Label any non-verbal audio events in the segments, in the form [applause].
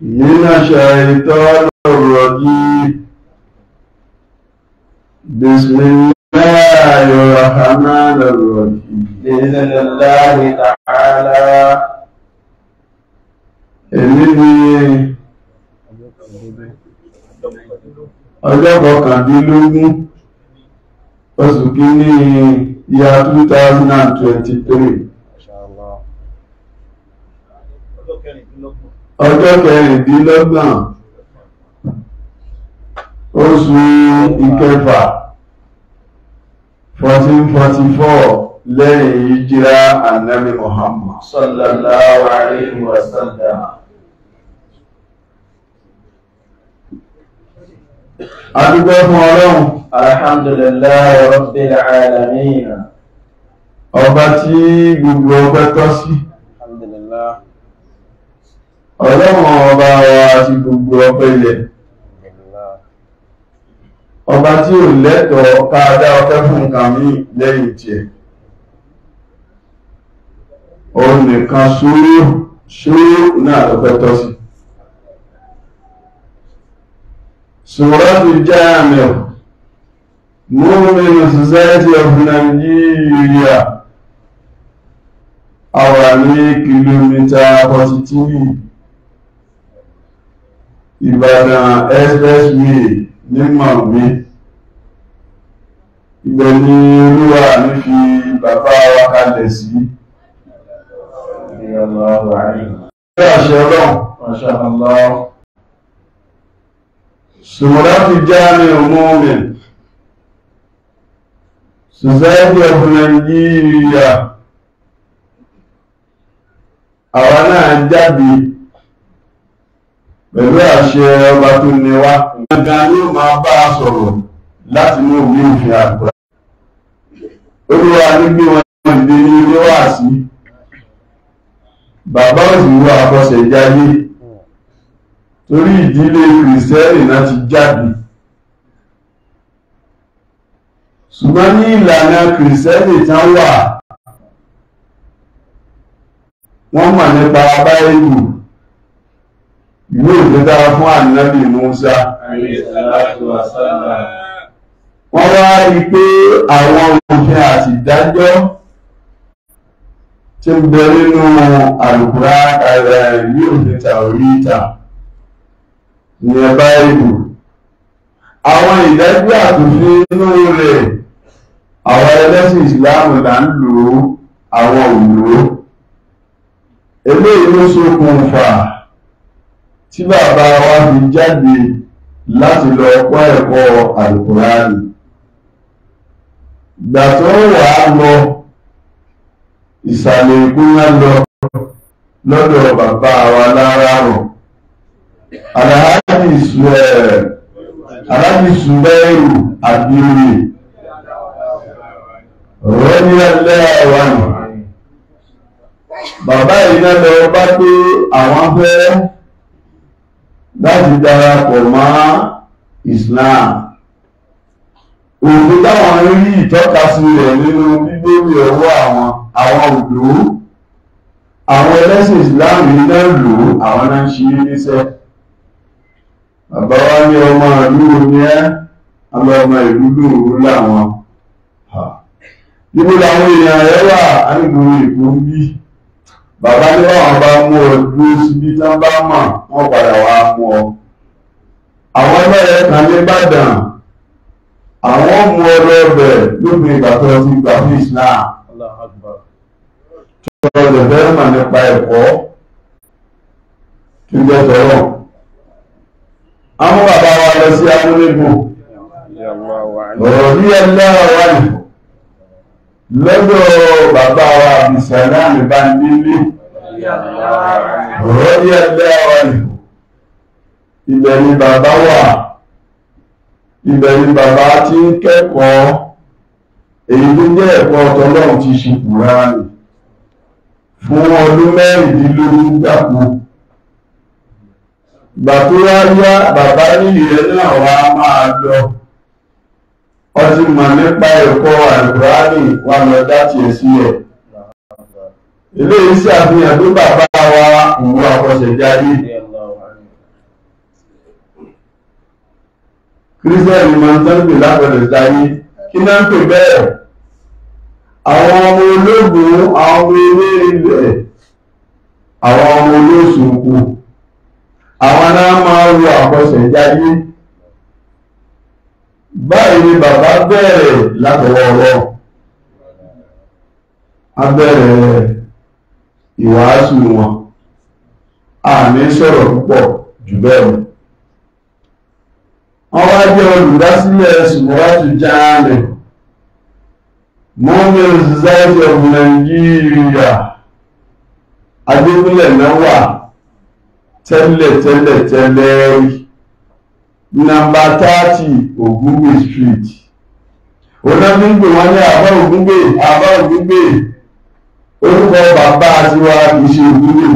من الشيطان الرجيم بسم الله الرحمن الرحيم بإذن الله تعالى èmi ọjọ́ kọkàndínlógún oṣù kìíní ìyá two thousand and twenty three. ọjọ́ kẹrìndínlọ́gbọ̀n oṣù ìkẹfà fourteen forty four lẹ́yìn ìjírá ànábì Muhammad. sallallahu alayhi wa sallam. adúgbò fún ọlọ́run. alhamdulillahi rabbil alamin. ọba tí gbogbo ọgbẹ́ tọ́ sí. alhamdulillah ọlọ́run ọba wa ti gbogbo ọpẹ́ ilẹ̀ ọba tí ò lẹ́tọ̀ọ́ ká dá ọpẹ́ fún nǹkan mí lẹ́yìn tiẹ̀ òun nìkan ṣúrú ṣúrú náà lọ́pẹ́ tọ́ sí Suratu Jamiu Movement Society of Nigeria àwa ní kìlómítà 42 ìbàdàn expressway ní mọ̀mí ibẹ̀ ni olúwa mi fi bàbá wa kalẹ̀ sí. Ṣé àṣẹ ọlọ́run? Masha Allah. Sùmọ́lá fi já ní ọmọ mi. Society of Nigeria. Àwa náà jáde pẹ̀lú àṣẹ ọba tó ní wá gbàngàn ni ó máa bá a sọ̀rọ̀ láti mú òbí òfin àgbà olúwa ní bí wọn ìdè ní ilé wá sí bàbá òsìwò àkọsẹ̀jáyé torí ìdílé kìrìsẹ́rì náà ti jáde ṣùgbọ́n ní ìlànà kìrìsẹ́rì tán wà wọ́n mọ̀ nípa báyìí ìwé ìgbẹ́dára fún ànábì Musa wọ́n wá rí pé àwọn òfin àti ìdájọ́ tí ń bẹ nínú àlùkùrá ara ìlú òfin tàoríta ní ẹ̀bá ìlú àwọn ìdájọ́ àtòfin inú rẹ̀ àwọn ẹlẹ́sìn ìsìláàmù là ń lò àwọn òlò eléyìí ló ṣokùnfà tí bàbá wa fi jáde láti lọ kọ́ ẹ̀kọ́ àlùkùránì ìgbà tó wà á lọ ìsàlẹ̀ ìkúnyà lọ lọ́dọ̀ bàbá wa lára rọ̀ aláàjì sùmẹ́rù àbíoyè rọ́nílẹ́wà nù bàbá yìí náà lọ bá pé àwọn fẹ́ẹ́ láti darapọ̀ mọ́ Islam òfin táwọn rí ìtọ́ka sí rẹ̀ nínú gbígbórí ọwọ́ àwọn àwọn òdò àwọn ẹlẹ́sìn Islam náà lò àwọn náà ń ṣe níṣẹ́ bàbá wa ní ọmọ ìlú ní ẹ́ àwọn ọmọ ìlú lòrú láwọn níbo làwọn èèyàn rẹ̀ wà á nígboro ìkó ń bí bàbá ní wọ́n bá mú ọ dúró síbi tán bá mọ̀ wọ́n padà wá mú ọ. àwọn ẹlẹ́yẹ kan ní Ìbàdàn àwọn mú ọ lọ́bẹ̀ lópin ìgbà tó ti gbà fún Islam. tó lọ bẹ̀rẹ̀ mà nípa ẹ̀kọ́ tó jẹ́ tọ́lọ̀. àwọn bàbá wa lọ sí amúlẹ́gùn. ọ̀rọ̀ bí ẹ wáyé lọ́dọ̀ bàbá wa abdulsalam bandili rọ́bí ẹgbẹ́ ọ̀rẹ́ ibẹ̀ ni bàbá wà ibẹ̀ ni bàbá ti ń kẹ́kọ̀ọ́ èyí tó jẹ́ ẹ̀kọ́ ọ̀tọ́lọ́run ti ṣe kùránì fún ọdún mẹ́rìndínlógún gbàgbó gbàtúráyá bàbá nílẹ̀ náà wá máa lọ ọtí mọ̀ nípa ẹ̀kọ́ àlùkùránì wà lọ dáàtì ẹ̀ sílẹ̀. eléyìí sí àfihàn tó bàbá wa òun àkọsẹ̀jáde. kírísítẹ́nì máa ń tán pè lábẹ́rẹ́ sáyé kí náà ń pè bẹ́ẹ̀. àwọn ọmọ ológun àwọn ọmọ eléré ilẹ̀ àwọn ọmọ olóṣùnkù àwọn náà máa ń lo àkọsẹ̀jáde báyìí ni bàbá bẹ̀rẹ̀ látọwọ́ ọlọ́run a bẹ̀rẹ̀ ìwàásù wọn a ní sọ̀rọ̀ púpọ̀ jù bẹ́ẹ̀ lọ wọ́n wá jẹ́ olùdásílẹ̀ sùmọ́wátù jáàmì mọ́mí society of Nigeria adékúnlẹ̀ náà wà tẹ́lẹ̀ tẹ́lẹ̀ tẹ́lẹ̀ rí nàmbà tààtì ògúngbè street onáfíńgbè wọn ní àbá ògúngbè àbá ògúngbè orúkọ bàbá tiwa kìí ṣe ògúngbè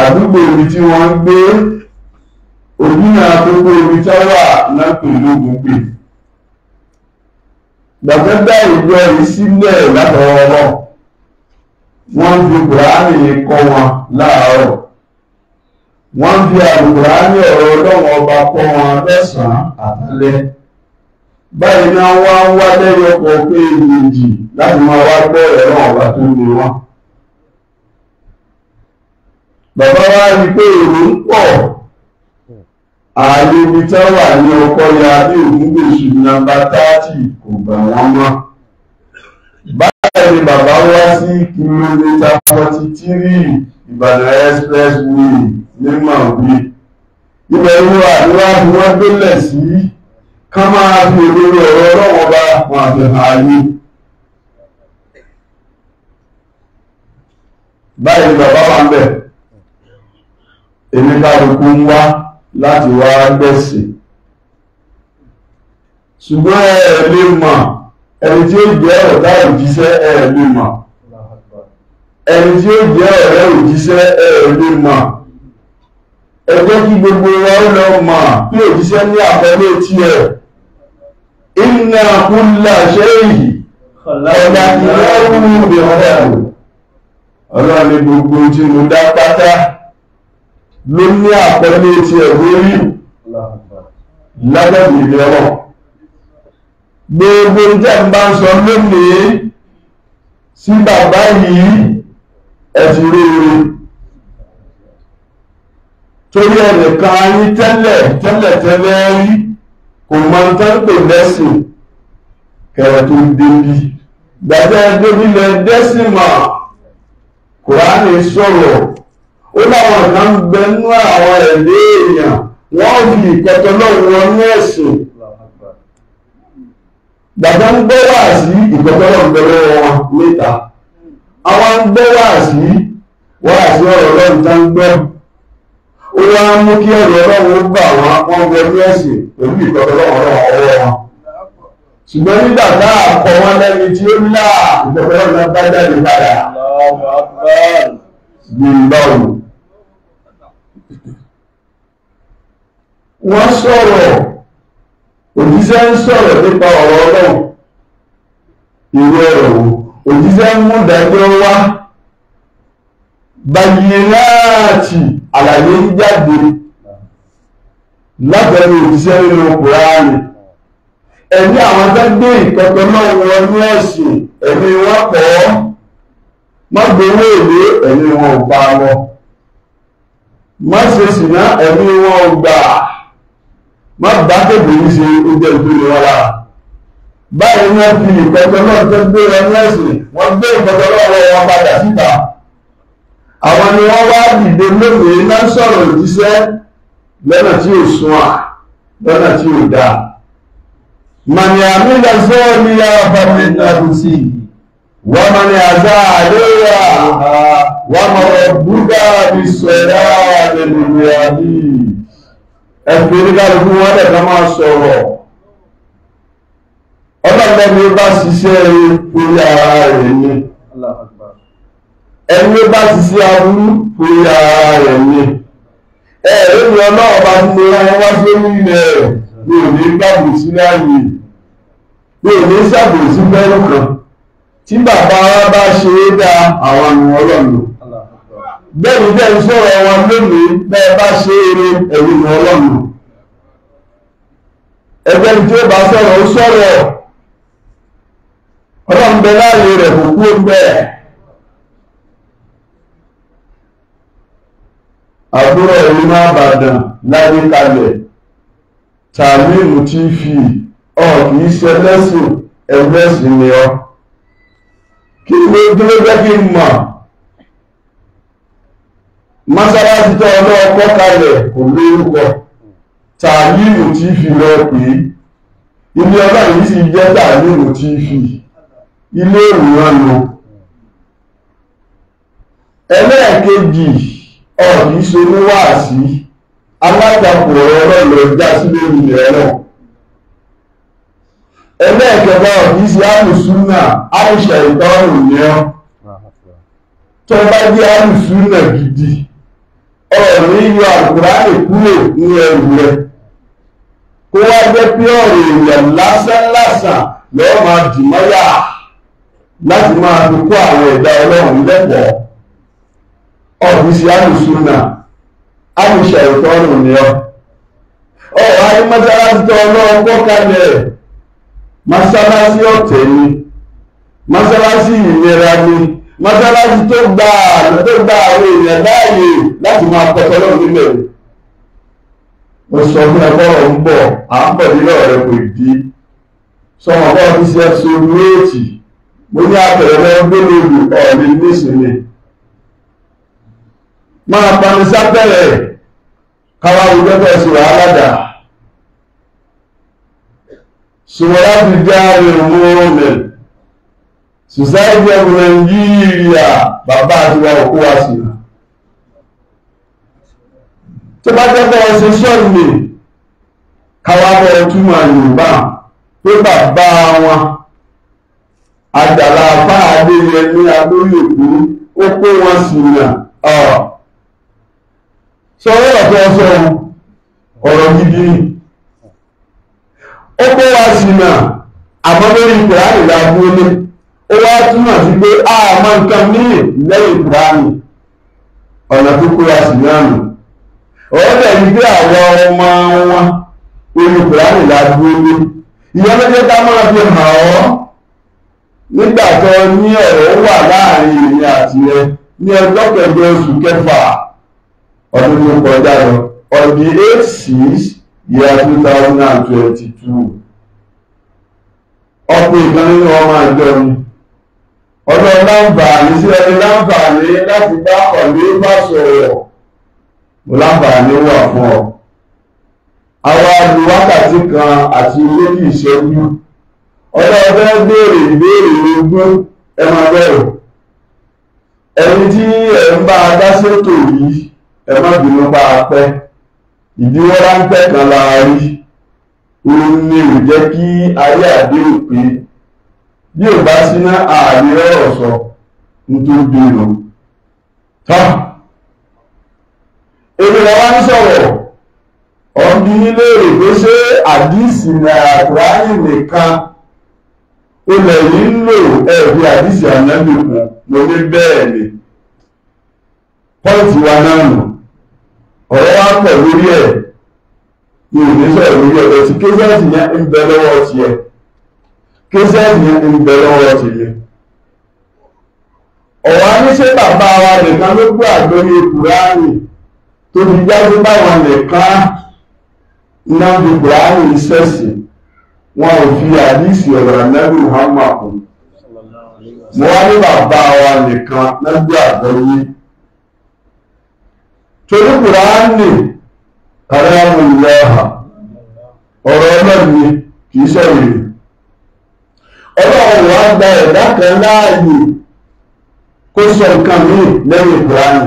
àdúgbò ibi tí wọ́n ń gbé ògúnà gbogbo ibi tá wà lápè lógúngbè gbàgbẹ́gbà ìjọ yìí sílẹ̀ látọwọ́ wọn ń fi kùránì kọ́ wọn láàárọ̀ wọ́n ń bí àlùkùránì ọ̀rọ̀ ọlọ́wọ́n ọba kọ́ wọn lẹ́sàn-án àtàlẹ́ báyìí náà wá ń wá lẹ́yìn ọkọ̀ pé èjì láti máa wá gbọ́ ẹ̀rọ ọba tó ń lè wọ́n. bàbá wa rí i pé èrò ń pọ̀ ààyè ibi tá wà ní ọkọ̀ ya ní ògúngbèsù nàmbà táàtì kò gbà wọ́n mọ́. báyìí bàbá wá sí kìlómítà forty three Ìbàdàn expressway ní màwí ibẹ̀ ìwọ àdúrà ni wọ́n gbélẹ̀ sí ká máa fi òdodo ọ̀rọ̀ ọlọ́wọ́ bá wọn àti ààyè. báyìí bàbá wa ń bẹ̀ èmi kálukú ń wá láti wá gbẹ̀sìn ṣùgbọ́n ẹ lè mọ̀ ẹni tí ó jẹ́ ọ̀tá òjíṣẹ́ ẹ lè mọ̀ ẹni tí ó jẹ́ ọ̀rẹ́ òjíṣẹ́ ẹ lè mọ̀ ẹ jẹ́ kí gbogbo wa ó lọ mọ̀ kí òjíṣẹ́ ní àkọlé tiẹ̀ inna kulla shay'in ọ̀dà ìlọ́rùn ìrọ̀lẹ́ ọlọ́run ní gbogbo tí mo dá pátá ló ní àkọlé tiẹ̀ lórí lábẹ́ ìrọ̀lọ́ gbogbo jẹ́ ń bá ń sọ lónìí sí bàbá yìí ẹ̀sìn rere torí ẹnìkan ayé tẹ́lẹ̀ tẹ́lẹ̀ tẹ́lẹ̀ rí kò mọ tẹ́lẹ̀ lẹ́sìn kẹrẹ tó débi gbàtẹ́ débílẹ̀ dẹ́sìmà kùránì sọ̀rọ̀ ó láwọn kan ń bẹnú àwọn ẹ̀lẹ́ èèyàn wọ́n fi ìkẹtọ́ náà wọn ní ẹ̀sìn gbàtẹ́ ń gbọ́ wá sí ìkẹtọ́ náà bẹ̀rẹ̀ wọn níta àwọn ń gbọ́ wá sí wá sí ọ̀rọ̀ lọ́nà tá ń gbọ́ ó wá mú kí ẹ̀rọ ọlọ́run ó bà wọ́n wọ́n bẹ ní ẹ̀sìn pẹ̀lú ìtọ́jú ọlọ́run náà ọwọ́ wọn. ṣùgbọ́n nígbà náà kọ wọn lẹ́ni tí ó ní láà ah, ìtọ́jú ọlọ́run náà bá jáde padà. gbìyànjú wọ́n sọ̀rọ̀ òjíṣẹ́ ń sọ̀rọ̀ nípa ọ̀rọ̀ ọlọ́run ìwé ọ̀rọ̀ òjíṣẹ́ ń mú ìdájọ́ wá bàyìí láàtì àlàyé ń jáde látẹ̀lú òjíṣẹ́ nínú kùránì ẹ̀mí àwọn tó gbé ìkọ̀kọ̀ náà wọn ní ẹ̀sìn ẹ̀mí wọn pọ̀ ọ́ mọ́gbówó èlé ẹ̀mí wọn ò bá wọn mọ́ṣẹ̀ṣìná ẹ̀mí wọn ò gbà má bá tẹ̀lé ní ṣe oúnjẹ ìgbélé wọn lára báyìí wọn fi ìkọ̀kọ̀ náà tó wọn ní ẹ̀sìn wọn gbé ìkọ̀kọ̀ náà wọn padà síta àwọn ni wọ́n wá dìde lófèé náà sọ̀rọ̀ ìjíṣẹ́ lọ́nà tí ò sún à lọ́nà tí ò dáa mani amila zoli ya fami nafsi wa mani aza aleya wa marabuga bi sọ̀rọ̀ àdèlùmí àbí ẹ̀fẹ́ nígbà lókun wọn lè ká máa sọ̀rọ̀ ọlọ́gbẹ́ni bá ṣiṣẹ́ orí ara rẹ̀ ni ẹni bá ti ṣe aburú orí ara rẹ̀ ni ẹ ẹ̀rọ ọlọ́run bá ti lè rán wá sórí ilẹ̀ rẹ̀ mi ò ní gbàgbọ́ sí láàyè mi ò ní ṣàbòsí bẹ́ẹ̀ kan tí bàbá wa bá ṣe é dá àwọn àmì ọlọ́run bẹ́ẹ̀ ni bẹ́ẹ̀ ń sọ̀rọ̀ wọn lónìí bẹ́ẹ̀ bá ṣe eré ẹ̀rù ìmọ̀ ọlọ́run ẹgbẹ́ tí ó bá sọ̀rọ̀ ó sọ̀rọ̀ ọlọ́run bẹ láàyè rẹ̀ kò kú bẹ́ẹ̀. Aburo ìlú àbàdàn láyé kalẹ̀ Tamim TV ọ̀ kìí ṣe lẹ́sùn ẹgbẹ́ sí ni ọ́ kí ló dé jẹ́ kí n mọ̀ mọ́sálásí tó kalẹ̀ kò lórúkọ Tamim TV lọ pé ilé ọba yìí sì jẹ́ ilé ẹ̀mí ṣe ní wáàsí alátakò ọ̀rọ̀ lọ já sí lórí ilẹ̀ náà ẹlẹ́ẹ̀kẹta ọ̀bí sí àlùsúnà àìṣà ìtọ́rùn yẹn tó bá jẹ́ àlùsúnà gidi ọ̀rọ̀ kúrò ní ẹrù kó wá jẹ́ pé ọ̀rọ̀ èèyàn lásánlásán lọ́ọ́ máa dì mọ́yà láti máa àwọn ẹ̀dá ọlọ́run lẹ́kọ̀ọ́ ọ̀fíìsì alùsùnà alùsà ìtọ́nù ni ọ. ọ̀rọ̀ ayé mọ́sálásí tó ọlọ́run pọ̀ kalẹ̀ mọ́sálásí ọ̀tẹ̀ ni ni tó tó àwọn èèyàn láàyè láti máa mo sọ fún ẹ bọ́ọ̀ ń bọ̀ à ń bọ̀ nílẹ̀ ọ̀rẹ́ kò dí sọmọ bọ́ọ̀ fi ṣe ẹ̀sùn ní èjì mo ní nísìnyí. máa pàmì sábẹ̀rẹ̀ káwà ìjọba ìṣòro aládà ṣòro láti dá ìrùmú rẹ̀ society of Nigeria bàbá àtiwá òkú wa sí tó bá jẹ́ bọ́ ṣe sọ́ọ̀lì káwà bọ́ túmọ̀ Yorùbá pé bàbá wọn àjàlá bá adé yẹn ní agbórí òkú ó kó wọn sí náà sọ ọ̀rọ̀ tó ọsọ ọ̀rọ̀ gidi ó kó wa sì mà àmọ́ lórí kùránì la dúró ó wá túmọ̀ sí pé a máa ń kan ní lẹ́yìn kùránì ọ̀nà tó kó wa sì náà nù ọ̀rọ̀ tẹ̀lé pé àwọn ọmọ wọn lórí kùránì la dúró ìyá méjì ká máa fi hàn ọ́ nígbà tó ní ọ̀rọ̀ wà láàrin èmi àti rẹ ní ọjọ́ kẹjọ oṣù kẹfà ọdún tó kọjá lọ on the eight six year two thousand and twenty two ọ̀pọ̀ ìkan nínú ọmọ àjọ mi ọdún láǹfààní sí ẹni láǹfààní láti bá ọ̀lú bá sọ̀rọ̀ mo láǹfààní wà fún ọ àwọn àlù wákàtí kan àti méjì ìṣẹ́jú ọjọ́ ọjọ́ béèrè ìbéèrè ogún ẹ máa bẹ̀rù ẹni tí ẹ̀ ń bá a dá sétò yìí ẹ má bínú pa apẹ́ ìdíwọ́ ráńpẹ́ kan la rí òun ni ò jẹ́ kí ayé àdéhùn pé bí ò bá síná ààrẹ ọ̀rọ̀ sọ nítorí dèrò tán èmi làwọn ń sọ̀rọ̀ ọ̀bí léèrè pé ṣé àdìsí ní àkùráyìn nìkan ilẹ̀ yìí ń lò ẹ̀rí àdìsí ànábì mo ní bẹ́ẹ̀ ni pọ́ǹtì wa náà nù ọ̀rọ̀ wa pọ̀ lórí ẹ̀ mi ò ní sọ̀rọ̀ lórí ọ̀rọ̀ tí kéṣẹ́ẹ̀tì yẹn ń bẹ lọ́wọ́ tiẹ̀ kéṣẹ́ẹ̀tì yẹn ń bẹ lọ́wọ́ tiẹ̀ ọ̀wá ní ṣé bàbá wa nìkan ló gbé àgbórí kùránì tó fi jáde báwọn nìkan náà fi kùránì ṣẹ̀sìn wọn ò fi àdísì ọ̀rọ̀ nẹ́bí Muhammad mo wá ní bàbá wa nìkan náà gbé torí kùránì kàlámù ìlàhà ọ̀rọ̀ ọlọ́ni kìí sọ̀rọ̀ ọlọ́run wá gba ẹ̀dá kan láàyè kó sọ nǹkan míì lẹ́yìn kùránì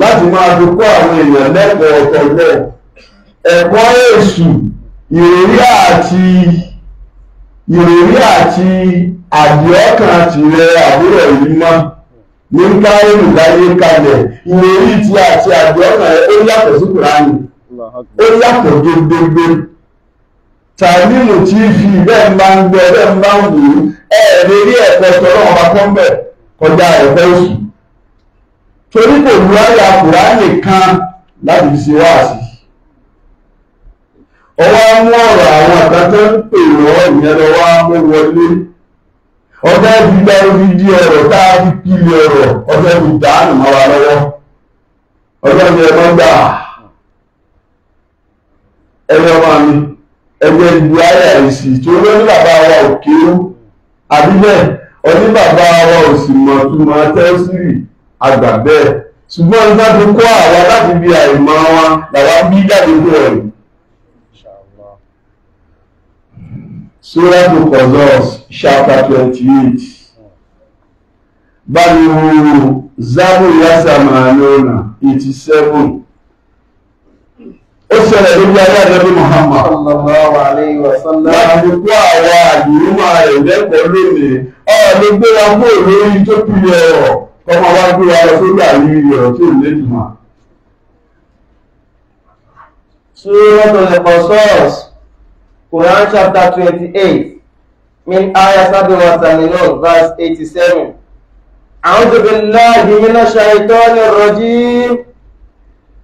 láti máa fi kó àwọn èèyàn lẹ́kọ̀ọ́ ọ̀tọ̀ọ̀tọ̀ ẹ̀kọ́ èṣù ìrírí àti ìrírí àti àdìọ́kàn tìrẹ àbúrò yìí máa ní káyọ̀nù láyé kalẹ̀ ìlérí ti àti àjọ ọ̀nà ó yàtọ̀ sí kùránì ó yàtọ̀ gbogbogbò tàlímù tí fi bẹ́ẹ̀ máa ń gbẹ bẹ́ẹ̀ máa ń wù ú ẹ lérí ẹ̀kọ́ tọrọ ọba kọ́ńbẹ̀ kọjá ẹ̀kọ́ oṣù torí kò lu àyà kùránì kan láti fi ṣe wáàsí ọwọ́ mú ọ̀rọ̀ àwọn àgbàtọ́ ń pè wọ́n ìyẹn lọ́wọ́ mú wọlé. ọjọ́ ibi gbẹ́rù dídí ọ̀rọ̀ tá a fi ọ̀rọ̀ ọjọ́ ibi dàánù mọ́ ọjọ́ ibi ẹ̀mọ́ gbà ọmọ mi ẹgbẹ́ ìlú ayé àìsí tó lórí bàbá wa ò kéwú bàbá wa ò sì mọ̀ tó àgbà bẹ́ẹ̀ ṣùgbọ́n tó kọ́ Surah Al-Qasas, chapter 28. Báyìí wo Zamu Yasamanona, 87. Ó ṣẹlẹ̀ lórí ayé àdẹ́bí Muhammad. Sallallahu alayhi wa Láti kó àwọn àdìrúmọ̀ rẹ̀ lẹ́kọ̀ọ́ lónìí. Ọ̀ọ́dún gbé wa kó lórí tó kú yẹ ọ̀. Ọmọ wa gbé wa lọ sórí àyíyí ọ̀rọ̀ tó lè jùmọ̀. Surah Al-Qasas. Quran chapter 28 من آية 87 verse 87 أعوذ بالله من الشيطان الرجيم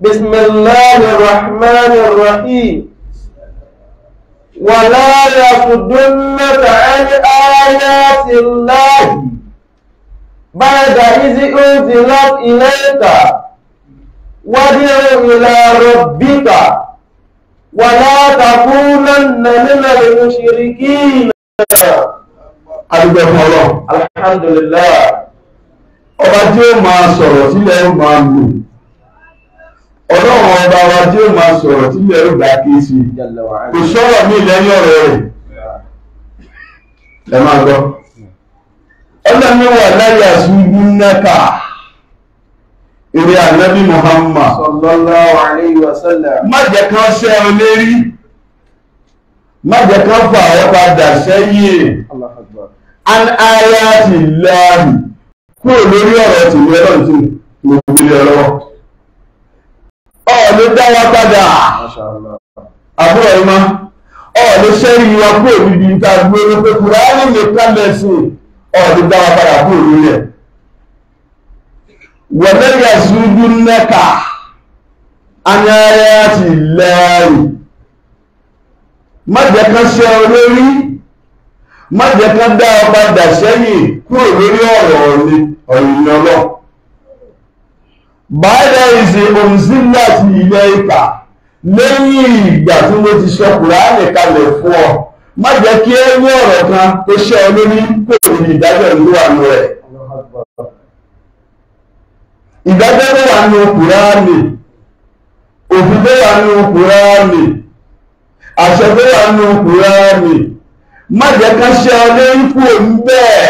بسم الله الرحمن الرحيم ولا يصدنك عن آيات الله بعد إذ أنزلت إليك وادع إلى ربك ولا تكونن من المشركين adúgbò ọlọ́ alhamdulillah ọba tí ó máa sọ̀rọ̀ sílẹ̀ ó máa lò ọlọ́run ọba wa tí ó máa sọ̀rọ̀ sílẹ̀ ó gbà kí kò sọ̀rọ̀ ní lẹ́yìn ọ̀rọ̀ rẹ̀ lẹ́màá gbọ́ ọlọ́run wà láyà sí gúnnẹ́kà Ìrẹ́ ànábì Muhammad. Sallallahu alayhi wa sallam. Má jẹ́ kán ṣẹ́ ọ lérí. Má jẹ́ kán fà ọ́ padà sẹ́yìn. Allahu Akbar. An ayati Allahi. Kúrò lórí ọ̀rọ̀ tìlú ẹ̀rọ tí mo fi lè lọ. dá wa padà. Àbúrò ẹ̀ má. Ọ̀ ló ṣẹ́rí wa kúrò níbi ìta gbé ló pé Kùránì nìkan lẹ̀sìn. Ọ̀ ló dá wa padà kúrò lórí ẹ̀ wọ́dẹ́ yà zúdú nẹ́ka anyáyá ti lẹ́rù má jẹ́ ká ṣe olórí má jẹ́ ká dá ọba dà sẹ́yìn kúrò lórí ọ̀rọ̀ ọ̀ni ọ̀yìn ọlọ́ báyìí ìṣe òǹsílà ti ilẹ̀ ìkà lẹ́yìn ìgbà tí mo ti sọ kùránì kalẹ̀ fún ọ má jẹ́ kí ẹ ní ọ̀rọ̀ kan tó ṣe olórí kò ní ìdájọ́ ìlú àná rẹ̀ ìdájọ́ tó wà ní Kùránì òfin tó wà ní Kùránì àṣẹ tó wà ní Kùránì má jẹ́ ká ṣe ọdẹ ikú òun bẹ́ẹ̀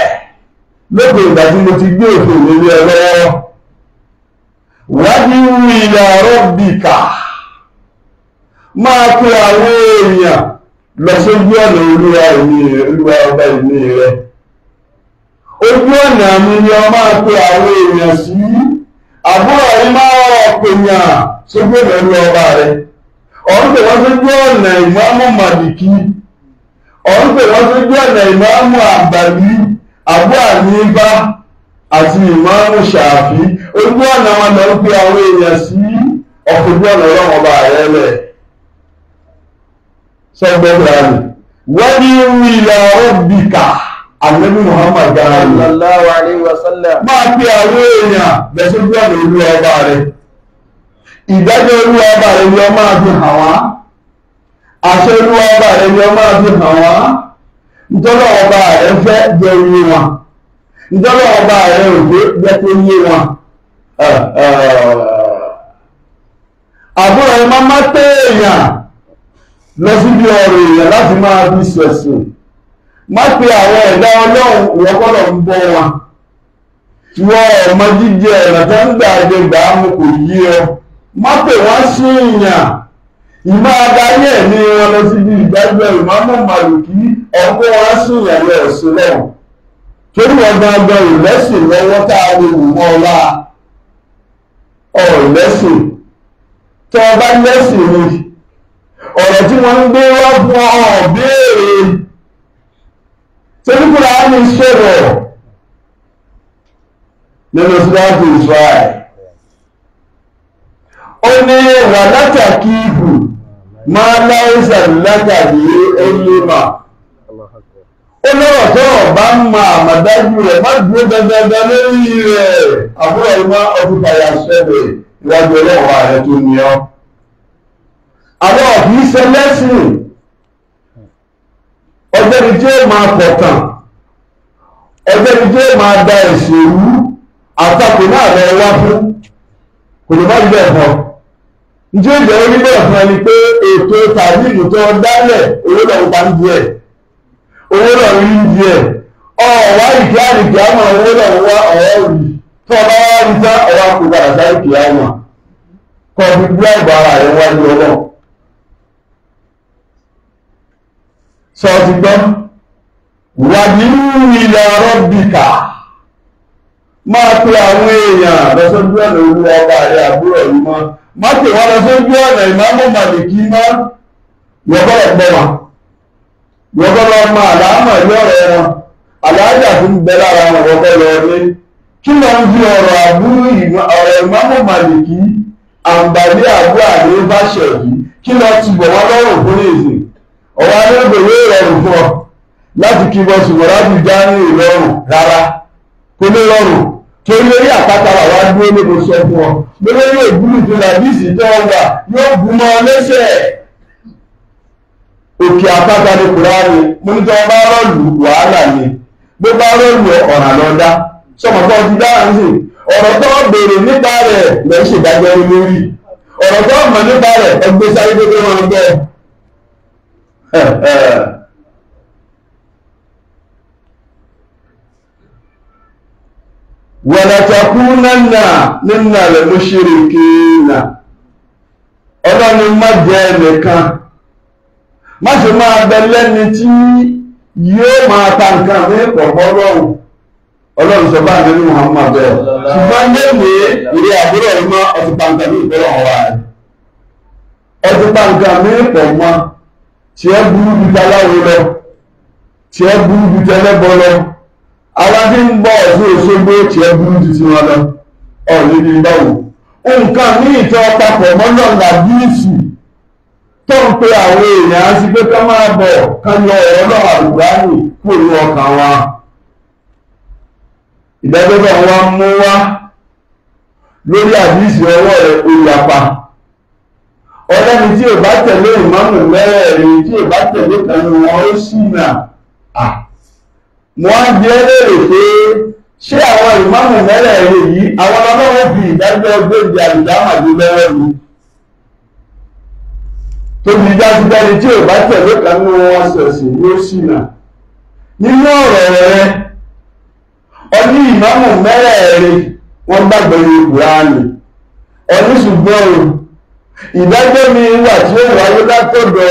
lóko ìgbà tí mo ti gbé òfin lórí ẹ lọ́wọ́ wájú ìlà rọ́bìkà máa pe àwọn èèyàn lọ sójú ọ̀nà olúwa ìní olúwa ọba ìní rẹ ojú ọ̀nà mi ni ọ máa pe àwọn èèyàn sí i àbúrò yìí máa pènyàn sójú ọ̀nà ìlú ọba rẹ̀ ọ̀hún pè wọ́n sójú ọ̀nà ìmáàmù màdìkí ọ̀hún pè wọ́n sójú ọ̀nà ìmáàmù àgbàdì àbú àníbá àti ìmáàmù ṣàfi ojú ọ̀nà wọn lọ ń pe àwọn èèyàn sí ọ̀kọ̀jú ọ̀nà ọlọ́run ọba rẹ̀ lẹ̀ sọgbẹ́gbẹ́ rẹ̀ wọ́n ní ìlà ọ̀bìkà àlẹ́mú muhammad dára rẹ̀. sallallahu alayhi wa sallam. máa pe àwọn èèyàn bẹ̀sẹ̀ bí ọ̀nà olú ọba rẹ̀. ìdájọ́ olú ọba rẹ̀ ni ọ máa fi hàn wá. àṣẹ olú ọba rẹ̀ ni ọ máa fi hàn wá. nítorí ọba rẹ̀ fẹ́ jẹ́ oyé wọn. nítorí ọba rẹ̀ òjò jẹ́ tó wọn. àbúrò ẹ̀ máa má pé èèyàn lọ síbi ọ̀rọ̀ èèyàn láti máa fi ṣẹ̀sìn. má pe àwọn ẹ̀dá ọlọ́run ìwọ́n gbọ́dọ̀ ń bọ́ wọn wọ ọmọ jíjẹ ẹ̀rọ tó ń gbà jẹ gbà kò yí ọ má pè wọ́n sí ìyàn ìmọ̀ adarí ẹ̀ wọn lọ sí ibi ìgbàgbọ́ ìmọ̀mọ́ màlùkì ọ̀pọ̀ wọn sí ìyàn lọ sí lọ́wọ́ torí wọn gbọ́ngàn ìlẹ́sìn lọ́wọ́ tá a lè wù tó o bá lẹ́sìn ni ọ̀rọ̀ tí wọ́n torí Kùránì sọ̀rọ̀ nínú síláàtì Israel ó ní wàlátà kíìbù máa láìsà látàrí ẹlẹ́mà ó lọ́rọ̀ tó ọ̀bá ń ma àmàdájú rẹ̀ má dúró dandanda lórí rẹ̀ àbúrò ìmọ̀ ọ̀fíkàyà sẹ́lẹ̀ ìwájú ọlọ́wọ́ ààrẹ tó ní ọ́ àwọn ọ̀fíìsẹ́ lẹ́sìn ọ̀gbẹ́ni tí ó máa pọ̀tàn ọ̀gbẹ́ni tí ó máa da ìṣèlú àtakò náà lọ wá fún kò lè má rí bẹ́ẹ̀ fún ọ njẹ ìjọ orí bẹ́ẹ̀ fún ẹni pé ètò tàbí ìtọ́ dálẹ̀ owó náà ń pa ń di ẹ̀ owó náà ń rí di ẹ̀ ọ̀wá ìkí àrìkí àmọ́ owó náà ń wá ọ̀rọ̀ rí tó ọba wá rí sá ọ̀wá kó padà sáré kìí àmọ́ kọ́ fi bí àgbà ara rẹ̀ wá ní ọlọ́run. sọ ti gbọ́ wàdìrú ila rabbika máa pe àwọn èèyàn lọ sójú ọ̀nà olú ọba rẹ̀ àbúrò yìí mọ́ má pè wọ́n lọ sójú ọ̀nà ìmáàmù màlìkí mọ́ yọ̀bọ̀rọ̀ pọ̀ wọn yọ̀bọ̀rọ̀ ọmọ àlámọ̀ yọ̀rọ̀ wọn àlàájà tó ń bẹ lára wọn yọ̀bọ̀rọ̀ ọdẹ kí ló ń fi ọ̀rọ̀ àbúrò ọ̀rọ̀ ìmáàmù màlìkí àǹbàdé àbúrò àdé bá ṣẹ̀ yìí kí ló ti bọ̀ wọn lọ́rùn fún èsì ọwọ́ alẹ́gbẹ̀ yóò rọrùn fún ọ láti kí bọ́ ṣùgbọ́n àbújá ní ìrọ̀rùn rárá kò ní rọrùn torí orí àpáta wà dúró ní mo sọ fún ọ lórí yóò wà yóò gún lẹ́sẹ̀ òkè àpáta ní kùránì mo ní bá rọ̀lù wàhálà ni bó bá rọ̀lù sọmọ tó ti dáhùn sí ọ̀rọ̀ tó béèrè nípa rẹ̀ lórí ọ̀rọ̀ tó nípa rẹ̀ ẹgbẹ́ sáré gbogbo wàlàtàkùnánà nínú àlẹ́ ló ṣeré kéèna ọlọ́ni má jẹ́ ẹnìkan má ṣe máa bẹ lẹ́ni tí yóò máa ta nǹkan ní pọ̀pọ̀ ọlọ́run sọ nínú ṣùgbọ́n àbúrò ọtí pàǹkà ní wa ọtí pàǹkà ní pọ̀ mọ́. tí ẹ burú ju taláwo lọ tí ẹ burú ju tẹlẹbọ lọ àwa tí ń gbọ́ Ọ̀ṣun Òṣogbo tí ẹ burú ju tiwọn lọ ọ̀rẹ́ ní báwo nǹkan ní ìtọ́ papọ̀ mọ́nà làbíìsì tó ń pe àwọn èèyàn sí pé ká máa bọ̀ ká lọ ọ̀rọ̀ náà àlùbáàmì kúrò ọkàn wa ìdájọ́ bá wa mú wá lórí àdìsí ọwọ́ rẹ̀ ó ọlẹ́ni tí ò bá tẹ̀lé ìmáàmù mẹ́rẹ̀ẹ̀rin tí ò bá tẹ̀lé kanú wọn ó sì nà á wọ́n á jẹ́ léèrè pé ṣé àwọn mẹ́rẹ̀ẹ̀rin yìí àwọn ọlọ́wọ́ ìdájọ́ gbèjì mi tóbi dájúdájú tí ò bá tẹ̀lé ọ̀rọ̀ rẹ ọní mẹ́rẹ̀ẹ̀rin wọ́n gbàgbọ́ ìdájọ́ mi wà tí ó wáyé látọ̀dọ̀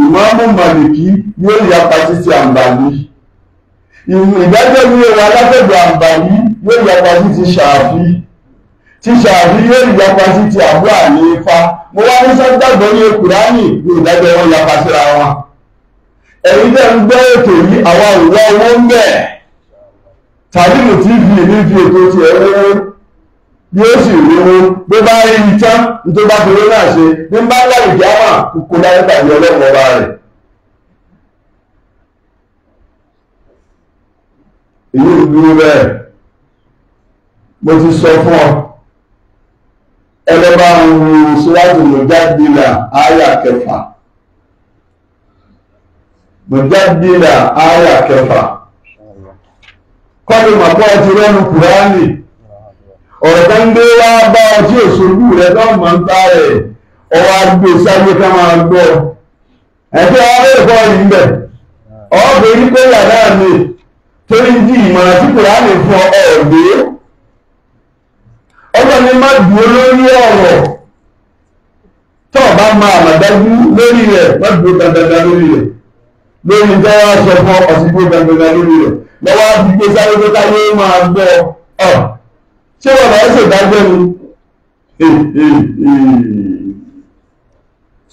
ìmáàmù màlìkí yóò yapa títí àǹbàní ìdájọ́ mi wà látọ̀dọ̀ àǹbàní yóò yapa títí ṣàfi tí ṣàfi yóò yapa títí àbú ànífà mo wá ní sọ́dọ̀gbọ́n ní kùránì ní ìdájọ́ wọn yapa síra wọn ẹ̀yin tẹ́ ń gbọ́ ètò yìí àwa òwò owó ń bẹ̀ tàbí mo ti fi èmi fi ètò tiẹ̀ lówó bí ó sì rí wọn bó bá rí i tán tó bá fi wọn náà ṣe ní bá ń láyé jámà kókó láyé tàbí ọlọ́run ọba rẹ̀. èyí ò dúró bẹ́ẹ̀ mo ti sọ fún ọ ẹlẹ́bàá ń wo síwájú mọ̀jáde-là áyà kẹfà mọ̀jáde-là kẹfà kọ́ni màkọ́ ti rẹ́nu kùránì ọ̀rọ̀ tá ń gbé wá bá ọ tí ò ṣojú rẹ lọ́wọ́ máa ń bá rẹ̀ ọwọ́ agbè sáyé ká máa gbọ́ ẹ̀fẹ́ ọ̀rẹ́ ìfọ́ yìí ń bẹ̀ ọ̀bẹ yìí pé yàrá mi torí ń di ìmọ̀ràn tí kò ráàlì fún ọ̀ọ́dẹ́ ọjọ́ ni má dúró lórí ọ̀rọ̀ tó o bá máa àmàdájú lórí rẹ̀ má dúró dandandan lórí rẹ̀ lórí tó wá sọ fún ọ̀sìn dúró dandandan lórí rẹ̀ lọ́wọ́ á sáyé tó táyé máa gbọ́ ọ̀ ṣé wọn bá ṣe ìdájọ́ ni.